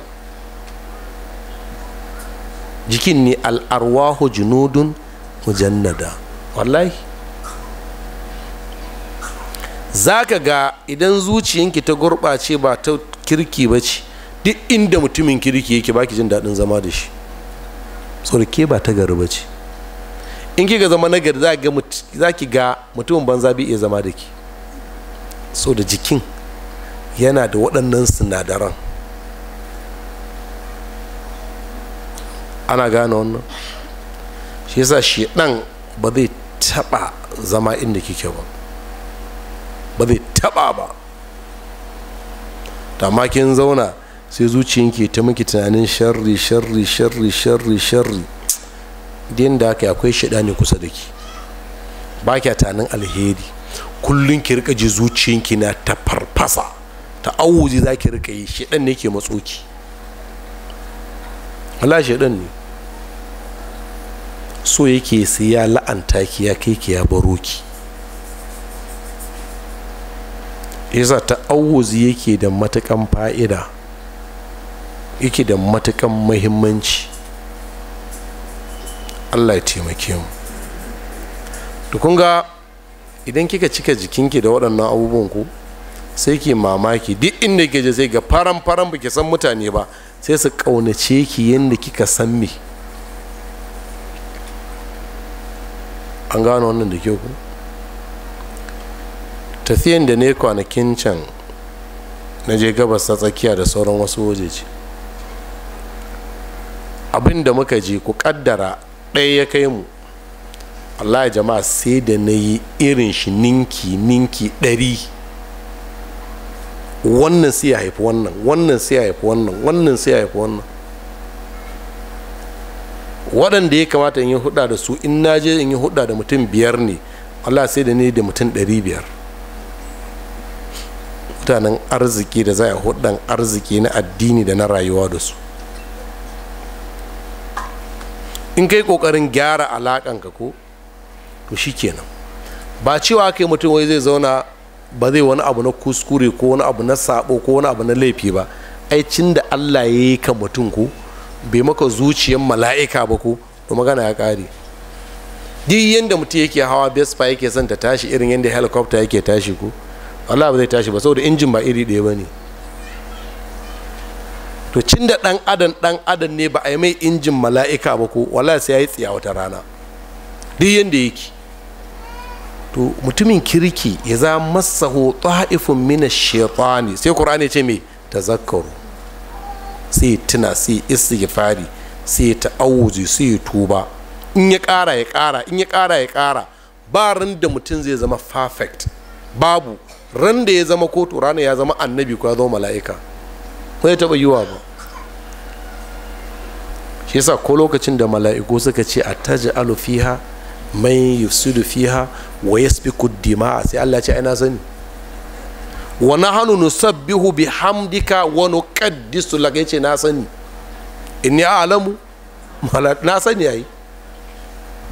[SPEAKER 1] jikin ne al'arwahu junudun mujannada wallahi za ka ga idan zuciyanki ta gurɓace ba ta kirki ba ce duk inda mutumin kirki yake baki jin daɗin zama da shi tsorke ba ta gari ce in ga zama nagari za ki ga mutumin banza bi iya zama da ki so da jikin yana da waɗannan sinadaran ana gane wannan shi yasa shi ɗan ba zai taɓa zama inda kike ba ba zai taɓa ba amma kin zauna sai zuciyanki ta miki tunanin sharri sharri sharri sharri sharri din da haka akwai shida ne kusa da ki ba kya tunanin alheri kullum ki rika ji zuciyanki na ta farfasa ta awuzi za ki rika yi shidan ne ke matso ki Allah shidan ne so yake sai ya la'anta ki ya kai ki ya baro ki yasa ta awuzi yake da matakan fa'ida yake da matakan muhimmanci allah ya taimake mu ga idan kika cika jikinki da waɗannan abubuwan ku sai ki mamaki duk inda ke je sai ga faran faran ba ki san mutane ba sai su kaunace ki yadda kika san me an gano wannan da ke ku tafiyan da ne kwanakin can na je gabas ta tsakiya da sauran wasu wajeji abin da muka je ku kaddara ɗaya ya kai mu Allah jama'a sai da na yi irin shi ninki ninki ɗari wannan sai ya haifi wannan wannan sai ya haifi wannan wannan sai ya haifi wannan waɗanda ya kamata in yi huɗa da su in na je in yi huɗa da mutum biyar ne Allah sai da yi da mutum ɗari biyar mutanen arziki da za a huɗan arziki na addini da na rayuwa da su in kai kokarin gyara alakan ka ko to shikenan ba cewa kai mutum wai zai zauna ba zai wani abu na kuskure ko wani abu na sabo ko wani abu na laifi ba ai cin da Allah ya yi ka mutum ko bai maka zuciyar mala'ika ba ko to magana ya kare duk yadda mutum yake hawa vespa yake son ta tashi irin yadda helicopter yake tashi ko Allah ba zai tashi ba saboda injin ba iri ɗaya ba ne to cin da ɗan adam ɗan adam ne ba a yi mai injin mala'ika ba ko wala sai ya yi tsiya wata rana duk yadda yake to mutumin kirki ya za masa hoto haifin mina shaitani sai ƙur'ani ce mai ta zakaru sai tuna sai istighfari sai ta auzi sai tuba in ya ƙara ya ƙara in ya ƙara ya ƙara ba ran da mutum zai zama perfect babu ran da ya zama ko to rana ya zama annabi ko ya zama mala'ika ya taba yiwa ba shi yasa ko lokacin da mala'iku suka ce a taji alufiha mai yusudu fiha wa yasbiku dima sai Allah ce ina sani wa nahnu nusabbihu bihamdika wa nuqaddisu laka yace na sani inni a'lamu na sani yayi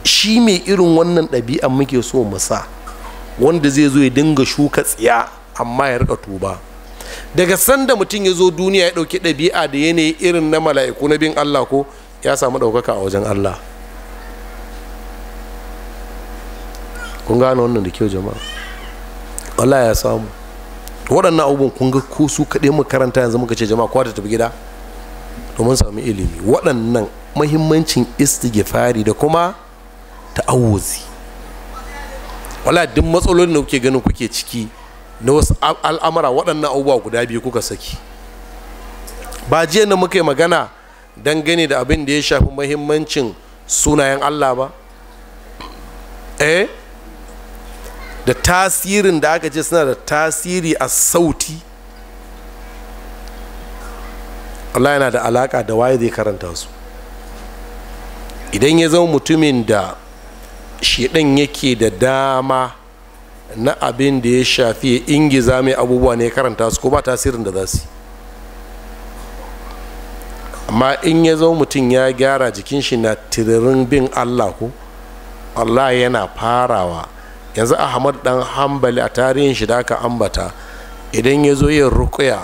[SPEAKER 1] shi mai irin wannan ɗabi'an muke so mu sa wanda zai zo ya dinga shuka tsiya amma ya rika tuba daga sanda mutum ya zo duniya ya ɗauki ɗabi'a da yanayi irin na mala'iku na bin allah ko ya samu ɗaukaka a wajen allah kun gane wannan da kyau jama'a allah ya samu waɗannan abubuwan kun ga ko su kaɗai mu karanta yanzu muka ce jama'a kowa ta tafi gida domin samu ilimi waɗannan mahimmancin istighfari da kuma ta'awuzi wala duk matsalolin da kuke ganin kuke ciki na wasu al'amura waɗannan abubuwa guda biyu kuka saki ba jiya da muka yi magana dangane da abin da ya shafi mahimmancin sunayen allah ba eh da tasirin da aka ce suna da tasiri a sauti allah yana da alaka da waye zai karanta su idan ya zama mutumin da shiɗan yake da dama na abin da ya shafi ya ingiza mai abubuwa ne ya karanta su ko ba tasirin da za su amma in ya zo mutum ya gyara jikin shi na tiririn bin allah ko allah yana farawa yanzu ahmad dan hambali a tarihin shi da aka ambata idan ya zo yin rukuya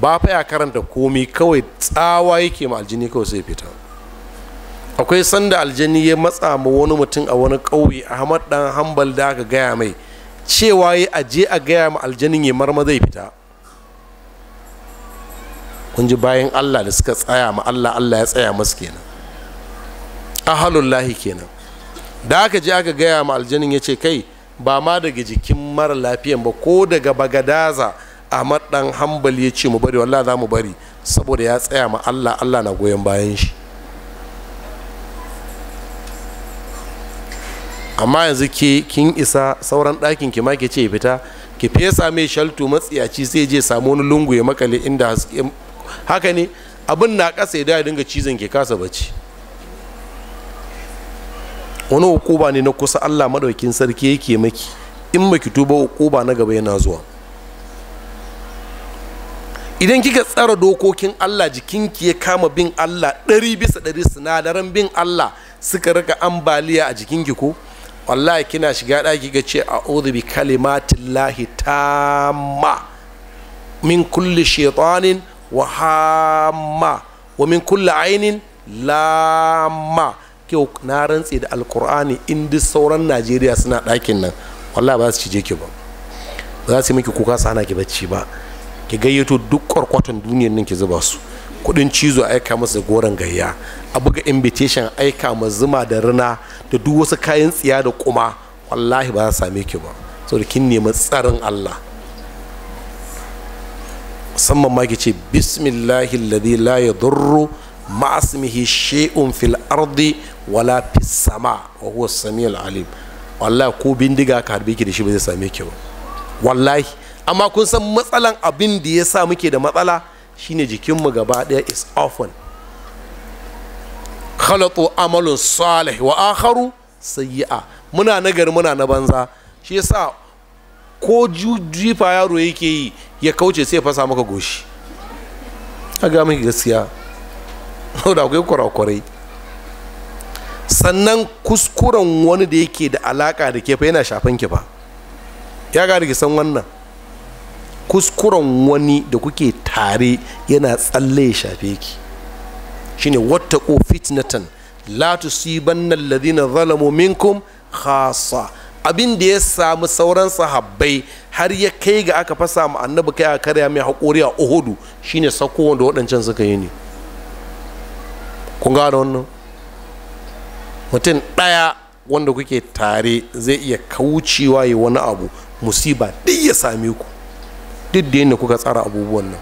[SPEAKER 1] ba fa ya karanta komi kawai tsawa yake ma aljini kawai sai fita akwai sanda aljini ya matsa ma wani mutum a wani ƙauye ahmad dan hambal da aka gaya mai cewa yi aje a gaya ma aljanin ya marma zai fita kun ji bayan allah da suka tsaya ma allah allah ya tsaya masu kenan ahalullahi kenan da aka je aka gaya ma aljanin ya ce kai ba ma daga jikin mara lafiyan ba ko daga bagadaza ahmad dan hambali ya ce mu bari wallah za mu bari saboda ya tsaya ma allah allah na goyon bayan shi amma yanzu ki kin isa sauran ɗakin ki ma ke ce fita ki fesa mai shaltu matsiyaci sai je samu wani lungu ya makale inda haske haka ne abin na ƙasa ya dinga cizon ke kasa bacci wani hukuba ne na kusa allah maɗaukin sarki yake maki in baki tuba hukuba na gaba yana zuwa idan kika tsara dokokin allah jikinki ya kama bin allah ɗari bisa ɗari sinadaran bin allah suka rika ambaliya a jikinki ko wallahi kina shiga ɗaki ga ce a'udhu bi kalimatillahi tamma min kulli shaitanin wa hamma wa min kulli ainin lamma kyau na rantse da alkur'ani in duk sauran najeriya suna ɗakin nan wallahi ba su cije ki ba ba za su yi miki kuka su hana ki bacci ba ki gayyato duk kwarkwatan duniyar nan ki zuba su kudin cizo aika masa goron gayya a buga invitation aika ma zuma da rina da duk wasu kayan tsiya da kuma wallahi ba za same ki ba saboda kin nemi tsarin Allah musamman ma ce bismillahi alladhi la yadurru ma'asmihi shay'un fil ardi wala fis sama wa huwa samiul alim wallahi ko bindiga ka harbe ki da shi ba zai same ki ba wallahi amma kun san matsalan abin da yasa muke da matsala shine jikinmu gaba ɗaya is often khalatu amalun salih wa akharu sayyi'a muna nagari muna na banza shi yasa ko jifa yaro yake yi ya kauce sai fasa maka goshi a ga miki gaskiya da akwai kurakurai sannan kuskuren wani da yake da alaka da ke fa yana shafan ki fa ya ga san wannan kuskuren wani da kuke tare yana tsalle ya shafe ki shine ko fitnatan la tusibanna ladina zalamu minkum khassa abin da ya samu sauran sahabbai har ya kai ga aka fasa mu annabi kai a karya mai haƙuri a uhudu shine sako wanda waɗancan suka yi ne kun gano wannan mutum ɗaya wanda kuke tare zai iya kaucewa yi wani abu musiba duk ya same ku duk da yadda kuka tsara abubuwan nan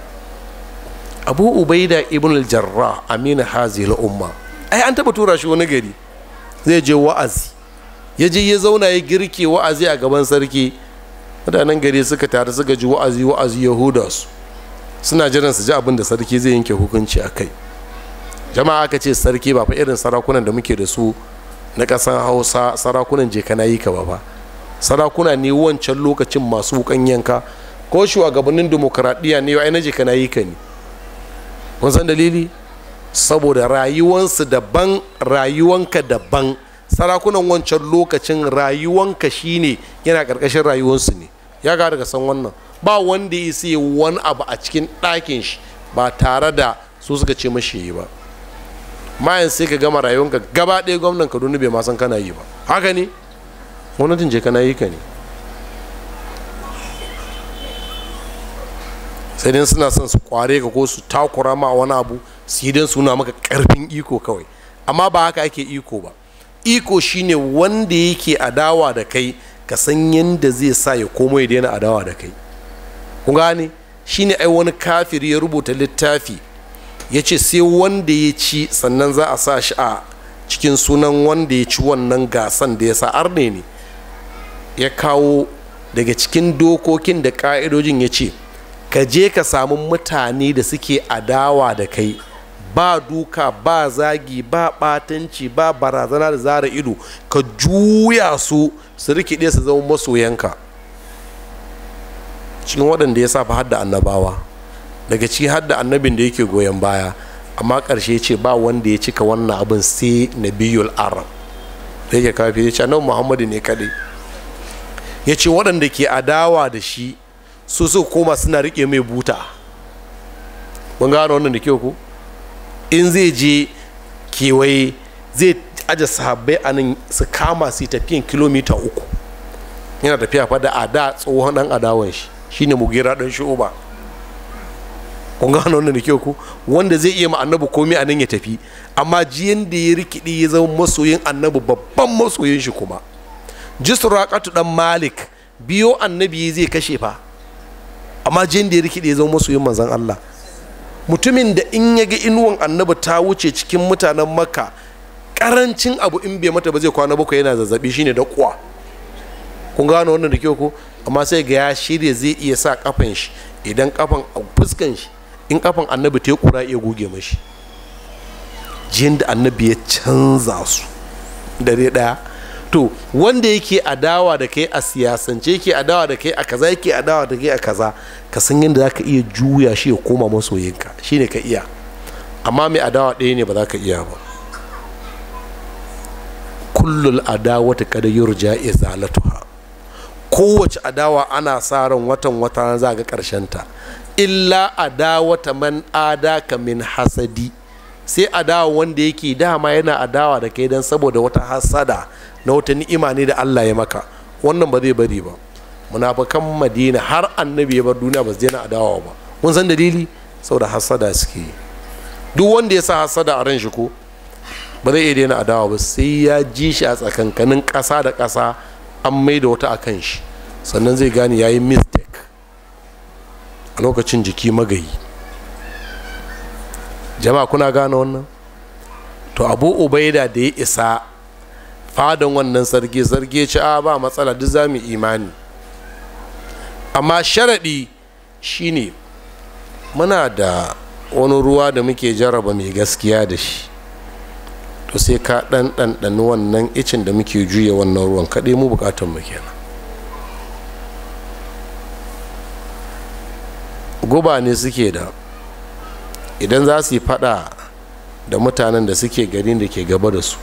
[SPEAKER 1] abu ubaida ibn al-jarra amina hazil umma ai an taba tura shi wani gari zai je wa'azi ya je ya zauna ya girke wa'azi a gaban sarki mutanen gari suka taru suka ji wa'azi wa'azi yahuda su suna jiran su ji abin da sarki zai yanke hukunci a kai jama'a aka ce sarki ba fa irin sarakunan da muke da su na ƙasar hausa sarakunan jekana na yi ka ba ba sarakuna ne wancan lokacin masu wukan yanka ko shugabannin demokuraɗiyya ne yau ka kana yi ka ne kun san dalili saboda rayuwansu daban rayuwanka daban sarakunan wancan lokacin rayuwanka shine yana karkashin rayuwansu ne ya ga daga san wannan ba wanda ya sai wani abu a cikin ɗakin shi ba tare da su suka ce mashi yi ba mayan sai ka gama rayuwanka gaba ɗaya gwamnan kaduna bai ma san kana yi ba haka ne gwamnatin je kana yi ka ne sai dai suna son su kware ka ko su takura ma wani abu su yi don suna maka karfin iko kawai amma ba haka ake iko ba iko shine wanda yake adawa da kai ka san yadda zai sa ya komo ya daina adawa da kai ku gane shine ai wani kafiri ya rubuta littafi ya ce sai wanda ya ci sannan za a sa shi a cikin sunan wanda ya ci wannan gasan da ya sa arne ne ya kawo daga cikin dokokin da ka'idojin ya ce ka je ka samu mutane da suke adawa da kai ba duka ba zagi ba batanci ba barazana da zara ido ka juya su su rikide su zama masoyanka cikin waɗanda ya safa hadda annabawa daga ci hadda annabin da yake goyon baya amma ƙarshe ce ba wanda ya cika wannan abin sai na nabiyul arab da yake kafi ya ce muhammadu ne kaɗai ya ce waɗanda ke adawa da shi su su koma suna riƙe mai buta mun gano wannan da kyau ku in zai je kewaye zai aje sahabbai a nan su kama su tafiyan kilomita uku yana tafiya a da ada tsohon dan adawan shi shine mugera dan shuba kun gano wannan da kyau ku wanda zai iya ma annabi komai a nan ya tafi amma jiyan da ya rikidi ya zama masoyin annabi babban masoyin shi kuma jisra qatu dan malik biyo annabi zai kashe fa amma jin da ya rikide ya zama yin manzan Allah mutumin da in ya ga inuwan annabi ta wuce cikin mutanen maka karancin abu in bai mata ba zai kwana bakwai yana zazzabi shine da kuwa kun gano wannan da kyau ko amma sai ga ya shirya zai iya sa kafan shi idan kafan fuskan shi in kafan annabi ta kura iya goge mashi jin da annabi ya canza su dare daya to wanda yake adawa da kai a siyasance yake adawa da kai a kaza yake adawa da kai a kaza ka san yadda za ka iya juya shi ya koma masoyinka shine ka iya amma mai adawa ɗaya ne ba za ka iya ba kullul adawata kada yurja izalatuha kowace adawa ana sa ran watan wata za ga ta illa adawata man adaka min hasadi sai adawa wanda yake dama yana adawa da kai don saboda wata hasada na wata ni'ima ne da Allah ya maka wannan ba zai bari ba munafikan madina har annabi ya bar duniya ba su na adawa ba mun san dalili saboda hasada suke yi duk wanda ya sa hasada a ran shi ko ba zai iya daina adawa ba sai ya ji shi a tsakankanin ƙasa da kasa an mai da wata a kan shi sannan zai gane ya yi mistake a lokacin jiki magayi jama'a kuna gane wannan to abu ubaida da ya isa fadan wannan sarki sarki ce a ah, ba matsala duk za mu imani amma sharaɗi shine muna da wani ruwa da muke jaraba mai gaskiya da shi to sai ka ɗan ɗanɗani wannan icin da muke juya wannan ruwan kaɗai mu buƙatar mu kenan guba ne suke da idan za su yi faɗa da mutanen da suke garin da ke gaba da su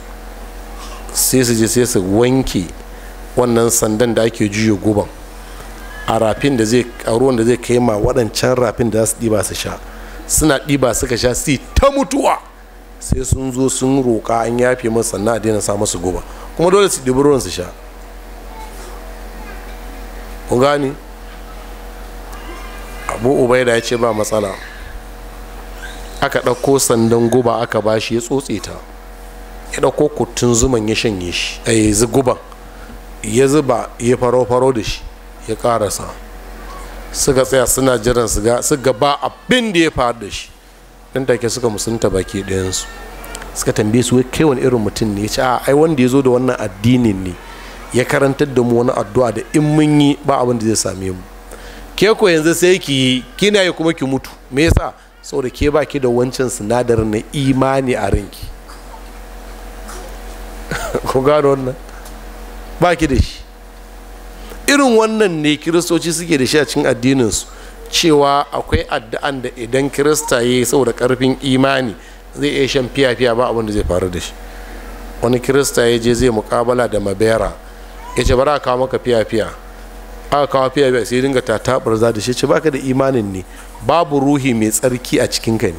[SPEAKER 1] sai su je sai su wanke wannan sandan da ake juya guban a rafin da zai a ruwan da zai kai ma waɗancan rafin da za su ɗiba su sha suna ɗiba suka sha su ta mutuwa sai sun zo sun roƙa an yafe masu sannan a daina sa masu guba kuma dole su ɗibi ruwan su sha ku gani abu ubaida ya ce ba matsala aka ɗauko sandan guba aka bashi ya tsotse ta ya ɗauko kutun zuman ya shanye shi a yi eh, zuguban ya zuba ya faro-faro da shi ya ƙarasa suka tsaya suna jiran su ga su gaba abin da ya faru da shi ɗan take suka musunta baki ɗayansu suka tambaye su kai wani irin mutum ne ya ce a ai wanda ya zo da wannan addinin ne ya karantar da mu wani addu'a da in mun yi ba abin da zai same mu ke ko yanzu sai ki yi kina yi kuma ki mutu me yasa saboda ke baki da wancan sinadarin na imani a ranki ku gano wannan ba ki da shi irin wannan ne kiristoci suke da shi a cikin addininsu cewa akwai addu'an da idan kirista ya yi saboda karfin imani zai iya shan fiya-fiya ba abin da zai faru da shi wani kirista ya je zai mukabala da mabera ya ce bara kawo maka fiya-fiya aka kawo fiya-fiya sai dinga tatabar za da shi ce baka da imanin ne babu ruhi mai tsarki a cikinka ne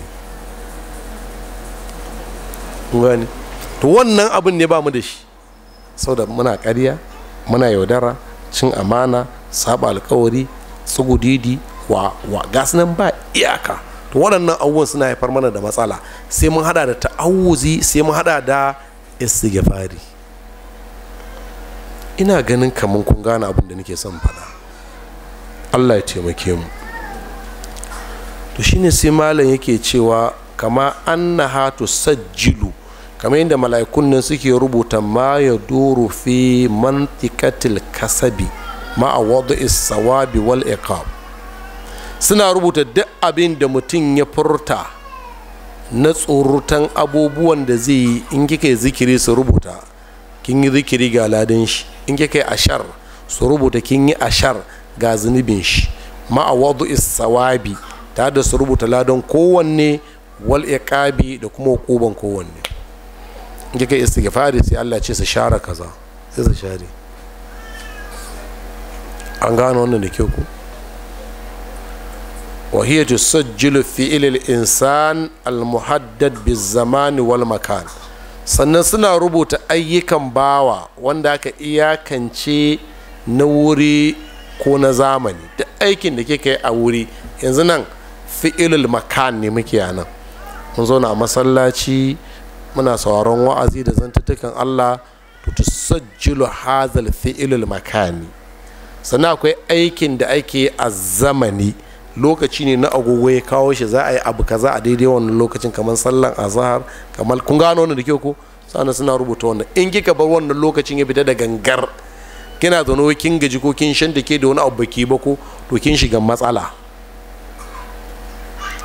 [SPEAKER 1] to wannan abin ne ba mu da shi saboda muna ƙarya muna yaudara cin amana saba alkawari tsugudidi wa wa ba iyaka to waɗannan abubuwan suna haifar mana da matsala sai mun hada da ta'awuzi sai mun hada da istighfari ina ganin kaman kun gane abin da nake son faɗa Allah ya taimake mu to shine sai malam yake cewa kama annaha tusajjilu kamar yadda mala'ikun nan suke rubuta ma ya duru fi mantikatil kasabi ma a wadda isawabi wal iqab suna rubuta duk abin da mutum ya furta na tsorutan abubuwan da zai yi in kika yi zikiri su rubuta kin yi zikiri ga ladin shi in kika yi ashar su rubuta kin yi ashar ga zunubin shi ma a wadda isawabi ta da su rubuta ladan kowanne wal iqabi da kuma hukuban kowanne ya kai istighfari sai Allah ce su share kaza sai su share an gano wannan da kyau ku wa hiya tusajjilu fi'l al-insan al-muhaddad bi zaman wal-makan sannan suna rubuta ayyukan bawa wanda aka iyakance na wuri ko na zamani da aikin da kika yi a wuri yanzu nan fi'ilul makan ne muke a nan mun zauna a masallaci muna sauraron wa'azi da zantattukan Allah to tusajjilu hazal fi'ilul makani sannan akwai aikin da ake a zamani lokaci ne na agogo ya kawo shi za a yi abu kaza a daidai wannan lokacin kamar sallan azhar kamar kun gano wannan da ke ko sannan suna rubuta wannan in kika bar wannan lokacin ya fita da gangar kina zaune kin gaji ko kin shan ke da wani abu baki ba ko to kin shiga matsala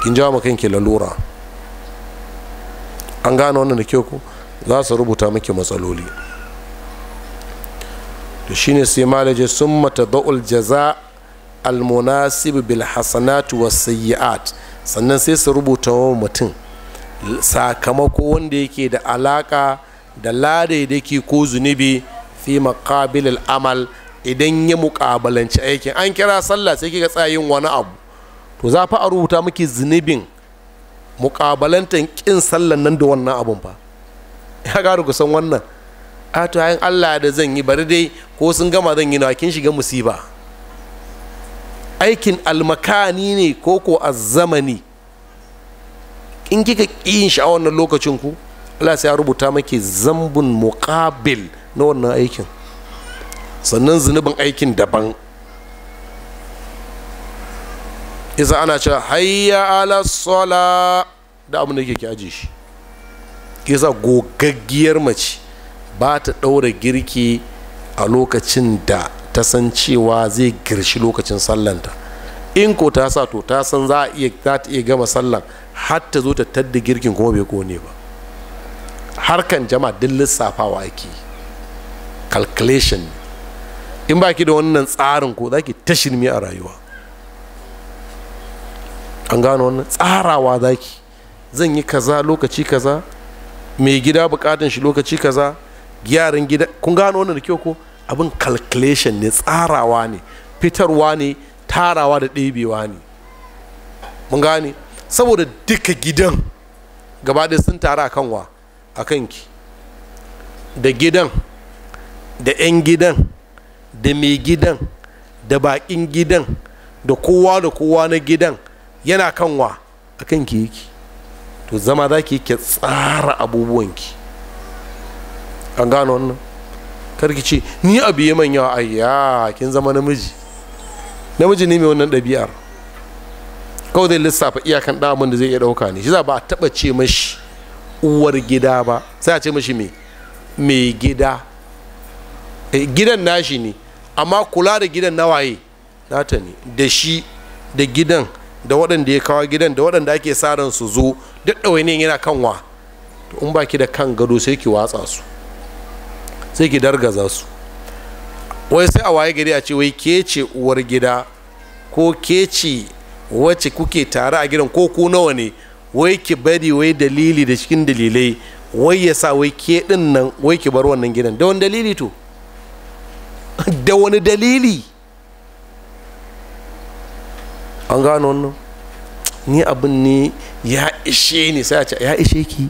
[SPEAKER 1] kin jawo ma ki lalura an gane wannan da kyau ku za su rubuta miki matsaloli to shine sai malaje sun mata da'ul jaza almunasib bil hasanat was sayyi'at sannan sai su rubuta wa mutum sakamako wanda yake da alaka da lada da ke ko zunubi fi maqabil amal idan ya muƙabalanci aikin an kira sallah sai kika tsayin wani abu to za fa a rubuta miki zunubin mukabalantan kin sallan nan da wannan abun fa ya gano kusan wannan a to hayan allah da zan yi bari dai ko sun gama zan yi na kin shiga musiba aikin almakani ne ko ko azzamani in kika ƙin shi a wannan lokacin ku allah sai ya rubuta maki zambun muƙabil na wannan aikin sannan zunubin aikin daban iza ana cewa hayya ala sola da abin da yake aji shi kisa gogaggiyar mace ba ta ɗaura girki a lokacin da ta san cewa zai girshi lokacin sallanta in ko ta sa to ta san za ta iya gama sallan har ta zo ta tadda girkin kuma bai kone ba harkan jama duk lissafawa ake calculation in baki da wannan tsarin ko za ki ta shirmi a rayuwa an gano wannan tsarawa zaki zan yi kaza lokaci kaza mai gida bukatan shi lokaci kaza yaran gida kun gano wannan da kyau ko abin calculation ne tsarawa ne fitarwa ne tarawa da ɗebewa ne mun gane saboda duka gidan gaba ɗaya sun tara a kanwa a kanki da gidan da 'yan gidan da mai gidan da baƙin gidan da kowa da kowa na gidan yana kanwa a kan kanki yake to zama za ki yake tsara abubuwanki an gano wannan karki ce ni abu yi manya ayya kin zama namiji namiji ne mai wannan ɗabi'ar kawai zai lissafa iyakan ɗamin da zai iya ɗauka ne shi za ba a taɓa ce mashi uwar gida ba sai a ce mashi mai gida eh, gidan nashi ne amma kula da gidan nawaye nata ne da shi da gidan da waɗanda ya kawo gidan da waɗanda ake sa ran su zo duk ɗawainiyan yana kan wa to in baki da kan gado sai ki watsa su sai ki dargaza su wai sai a waye gari a ce wai ke ce uwar gida ko ke ce wacce kuke tare a gidan ko ku nawa ne wai ki bari wai dalili da cikin dalilai wai ya sa wai ke din nan wai ki bar wannan gidan da wani dalili to da wani dalili an gano wannan ni abin ne ya ishe ni sai a ce ya ishe ki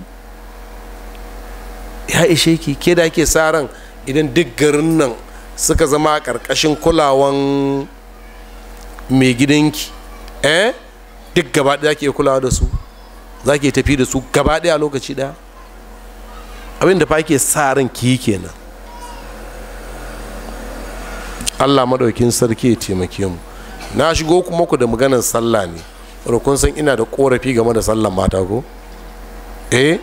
[SPEAKER 1] ya ishe ki ke da ke sa ran idan duk garin nan suka zama a ƙarƙashin kulawan mai gidanki eh duk gaba ɗaya ke kulawa da su za ke tafi da su gaba ɗaya lokaci ɗaya abin da fa ke sa ran ki kenan allah madaukin sarki ya taimake mu na shigo kuma ku da maganar sallah ne kun san ina da korafi game da sallah mata ko eh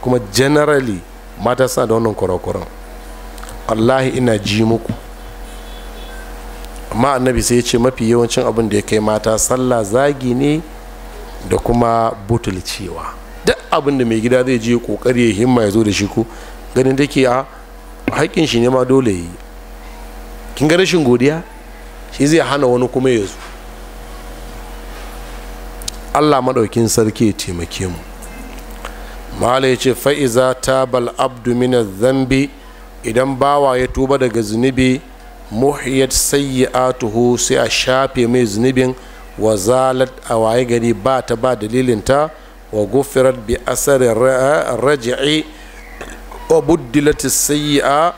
[SPEAKER 1] kuma generally mata suna da wannan kurakuran wallahi ina ji muku amma annabi sai ya ce mafi yawancin abin da ya kai mata sallah zagi ne da kuma butulcewa duk abin da mai gida zai je kokari ya himma ya zo da shi ko ganin take a ah, haƙƙin shi ne ma dole yi kin ga rashin godiya shi zai hana wani kuma ya zo allah maɗaukin sarki ya taimake mu mala ya ce fa'iza ta bal bal'abdu mina zambi idan bawa ya tuba daga zunubi muhiyat tuho sai a shafe mai zunubin wa zalat a waye gari ba ta ba dalilinta wa gufirar bi asarin raji'i wa buddilati sayyi'a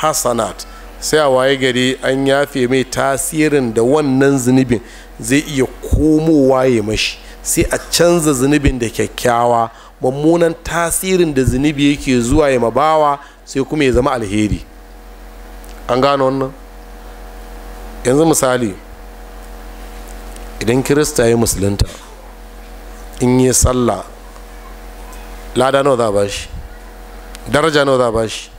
[SPEAKER 1] hasanat sai a waye gari an yafe mai tasirin da wannan zunubin zai iya komowa ya mashi sai a canza zunubin da kyakkyawa mummunan tasirin da zunubi yake zuwa ya mabawa sai kuma ya zama alheri an gano wannan yanzu misali idan kirista ya musulunta in yi sallah lada nawa za a shi daraja nawa za a shi.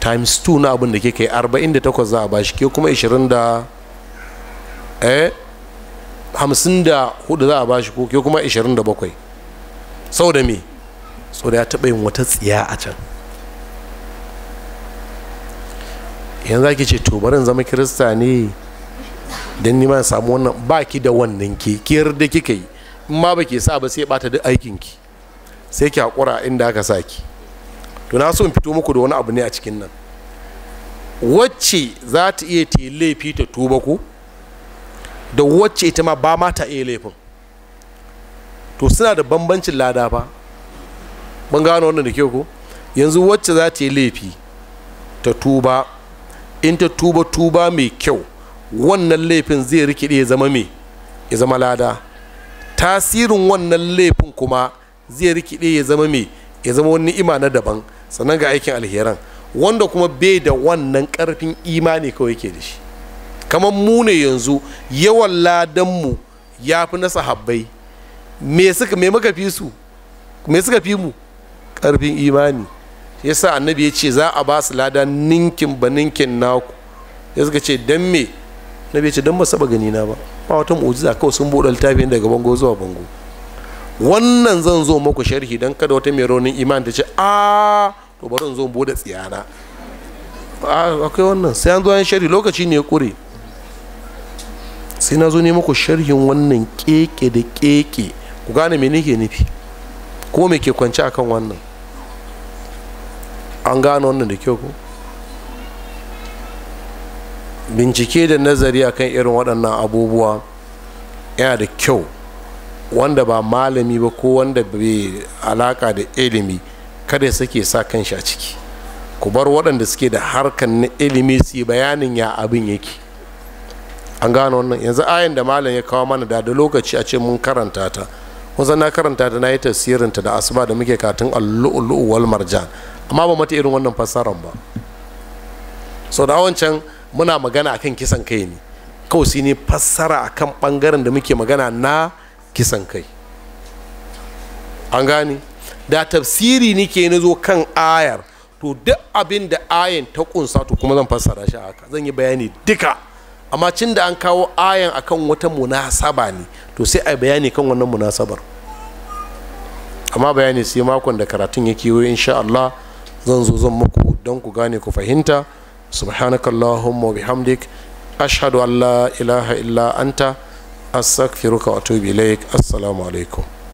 [SPEAKER 1] times 2 na abin da ke kai 48 za a bashi ke kuma 20 da eh 54 za a bashi ko ke kuma 27 sau da me sau da ya taɓa yin wata tsiya a can yanzu ake ce to barin zama kirista ne don nima samu wannan ba ki da wannan ke kiyar da kika yi in ma ba ke sa ba sai bata duk aikinki sai ki haƙura inda aka sa ki to na so in fito muku da wani abu ne a cikin nan wacce za ta iya ta laifi ta tuba ku da wacce ita ma ba ma ta iya laifin to suna da bambancin lada fa ban gano wannan da kyau ku yanzu wacce za ta yi laifi ta tuba in ta tuba tuba mai kyau wannan laifin zai rikide ya zama mai ya zama lada tasirin wannan laifin kuma zai rikide ya zama mai ya zama wani ni'ima na daban sannan ga aikin alheran wanda kuma bai da wannan karfin imani kawai yake da shi kamar mu ne yanzu yawan ladanmu ya fi na sahabbai me suka me muka fi su me suka fi mu karfin imani sa annabi ya ce za a ba su lada ninkin ba ninkin naku ya suka ce dan me na bai ce dan ba saba gani na ba ba wata mu'jiza kawai sun buɗe littafin daga bango zuwa bango wannan zan zo muku sharhi dan kada wata mai raunin imani ta ce a to bari in zo in bude tsiyana akwai wannan sai an zo an sharhi lokaci ne ya kure sai na zo ne muku sharhin wannan keke da keke ku gane me nake nufi ko me ke kwance akan wannan an gane wannan da kyau ko bincike da nazari akan irin waɗannan abubuwa yana da kyau wanda ba malami ba ko wanda bai alaka da ilimi kada ya sake sa shi a ciki ku bar waɗanda suke da harkar na ilimi su yi bayanin ya abin yake an gano wannan yanzu ayin da malam ya kawo mana da lokaci a ce mun karanta ta kusan na karanta ta na yi tasirinta da asuba da muke katin allu'ulu'u wal marjan amma ba mata irin wannan fassarar ba sau da wancan muna magana akan kisan kai ne kawai ne fassara akan ɓangaren da muke magana na kisan kai an gane da tafsiri nike na zo kan ayar to duk abin da ayan ta kunsa to kuma zan fassara shi haka zan yi bayani duka amma cin da an kawo ayan akan wata munasaba ne to sai a bayani kan wannan munasabar amma bayani sai makon da karatun yake yi insha Allah zan zo zan muku don ku gane ku fahimta subhanakallahumma wa bihamdik ashhadu an la ilaha illa anta astaghfiruka wa atubu ilaik assalamu alaikum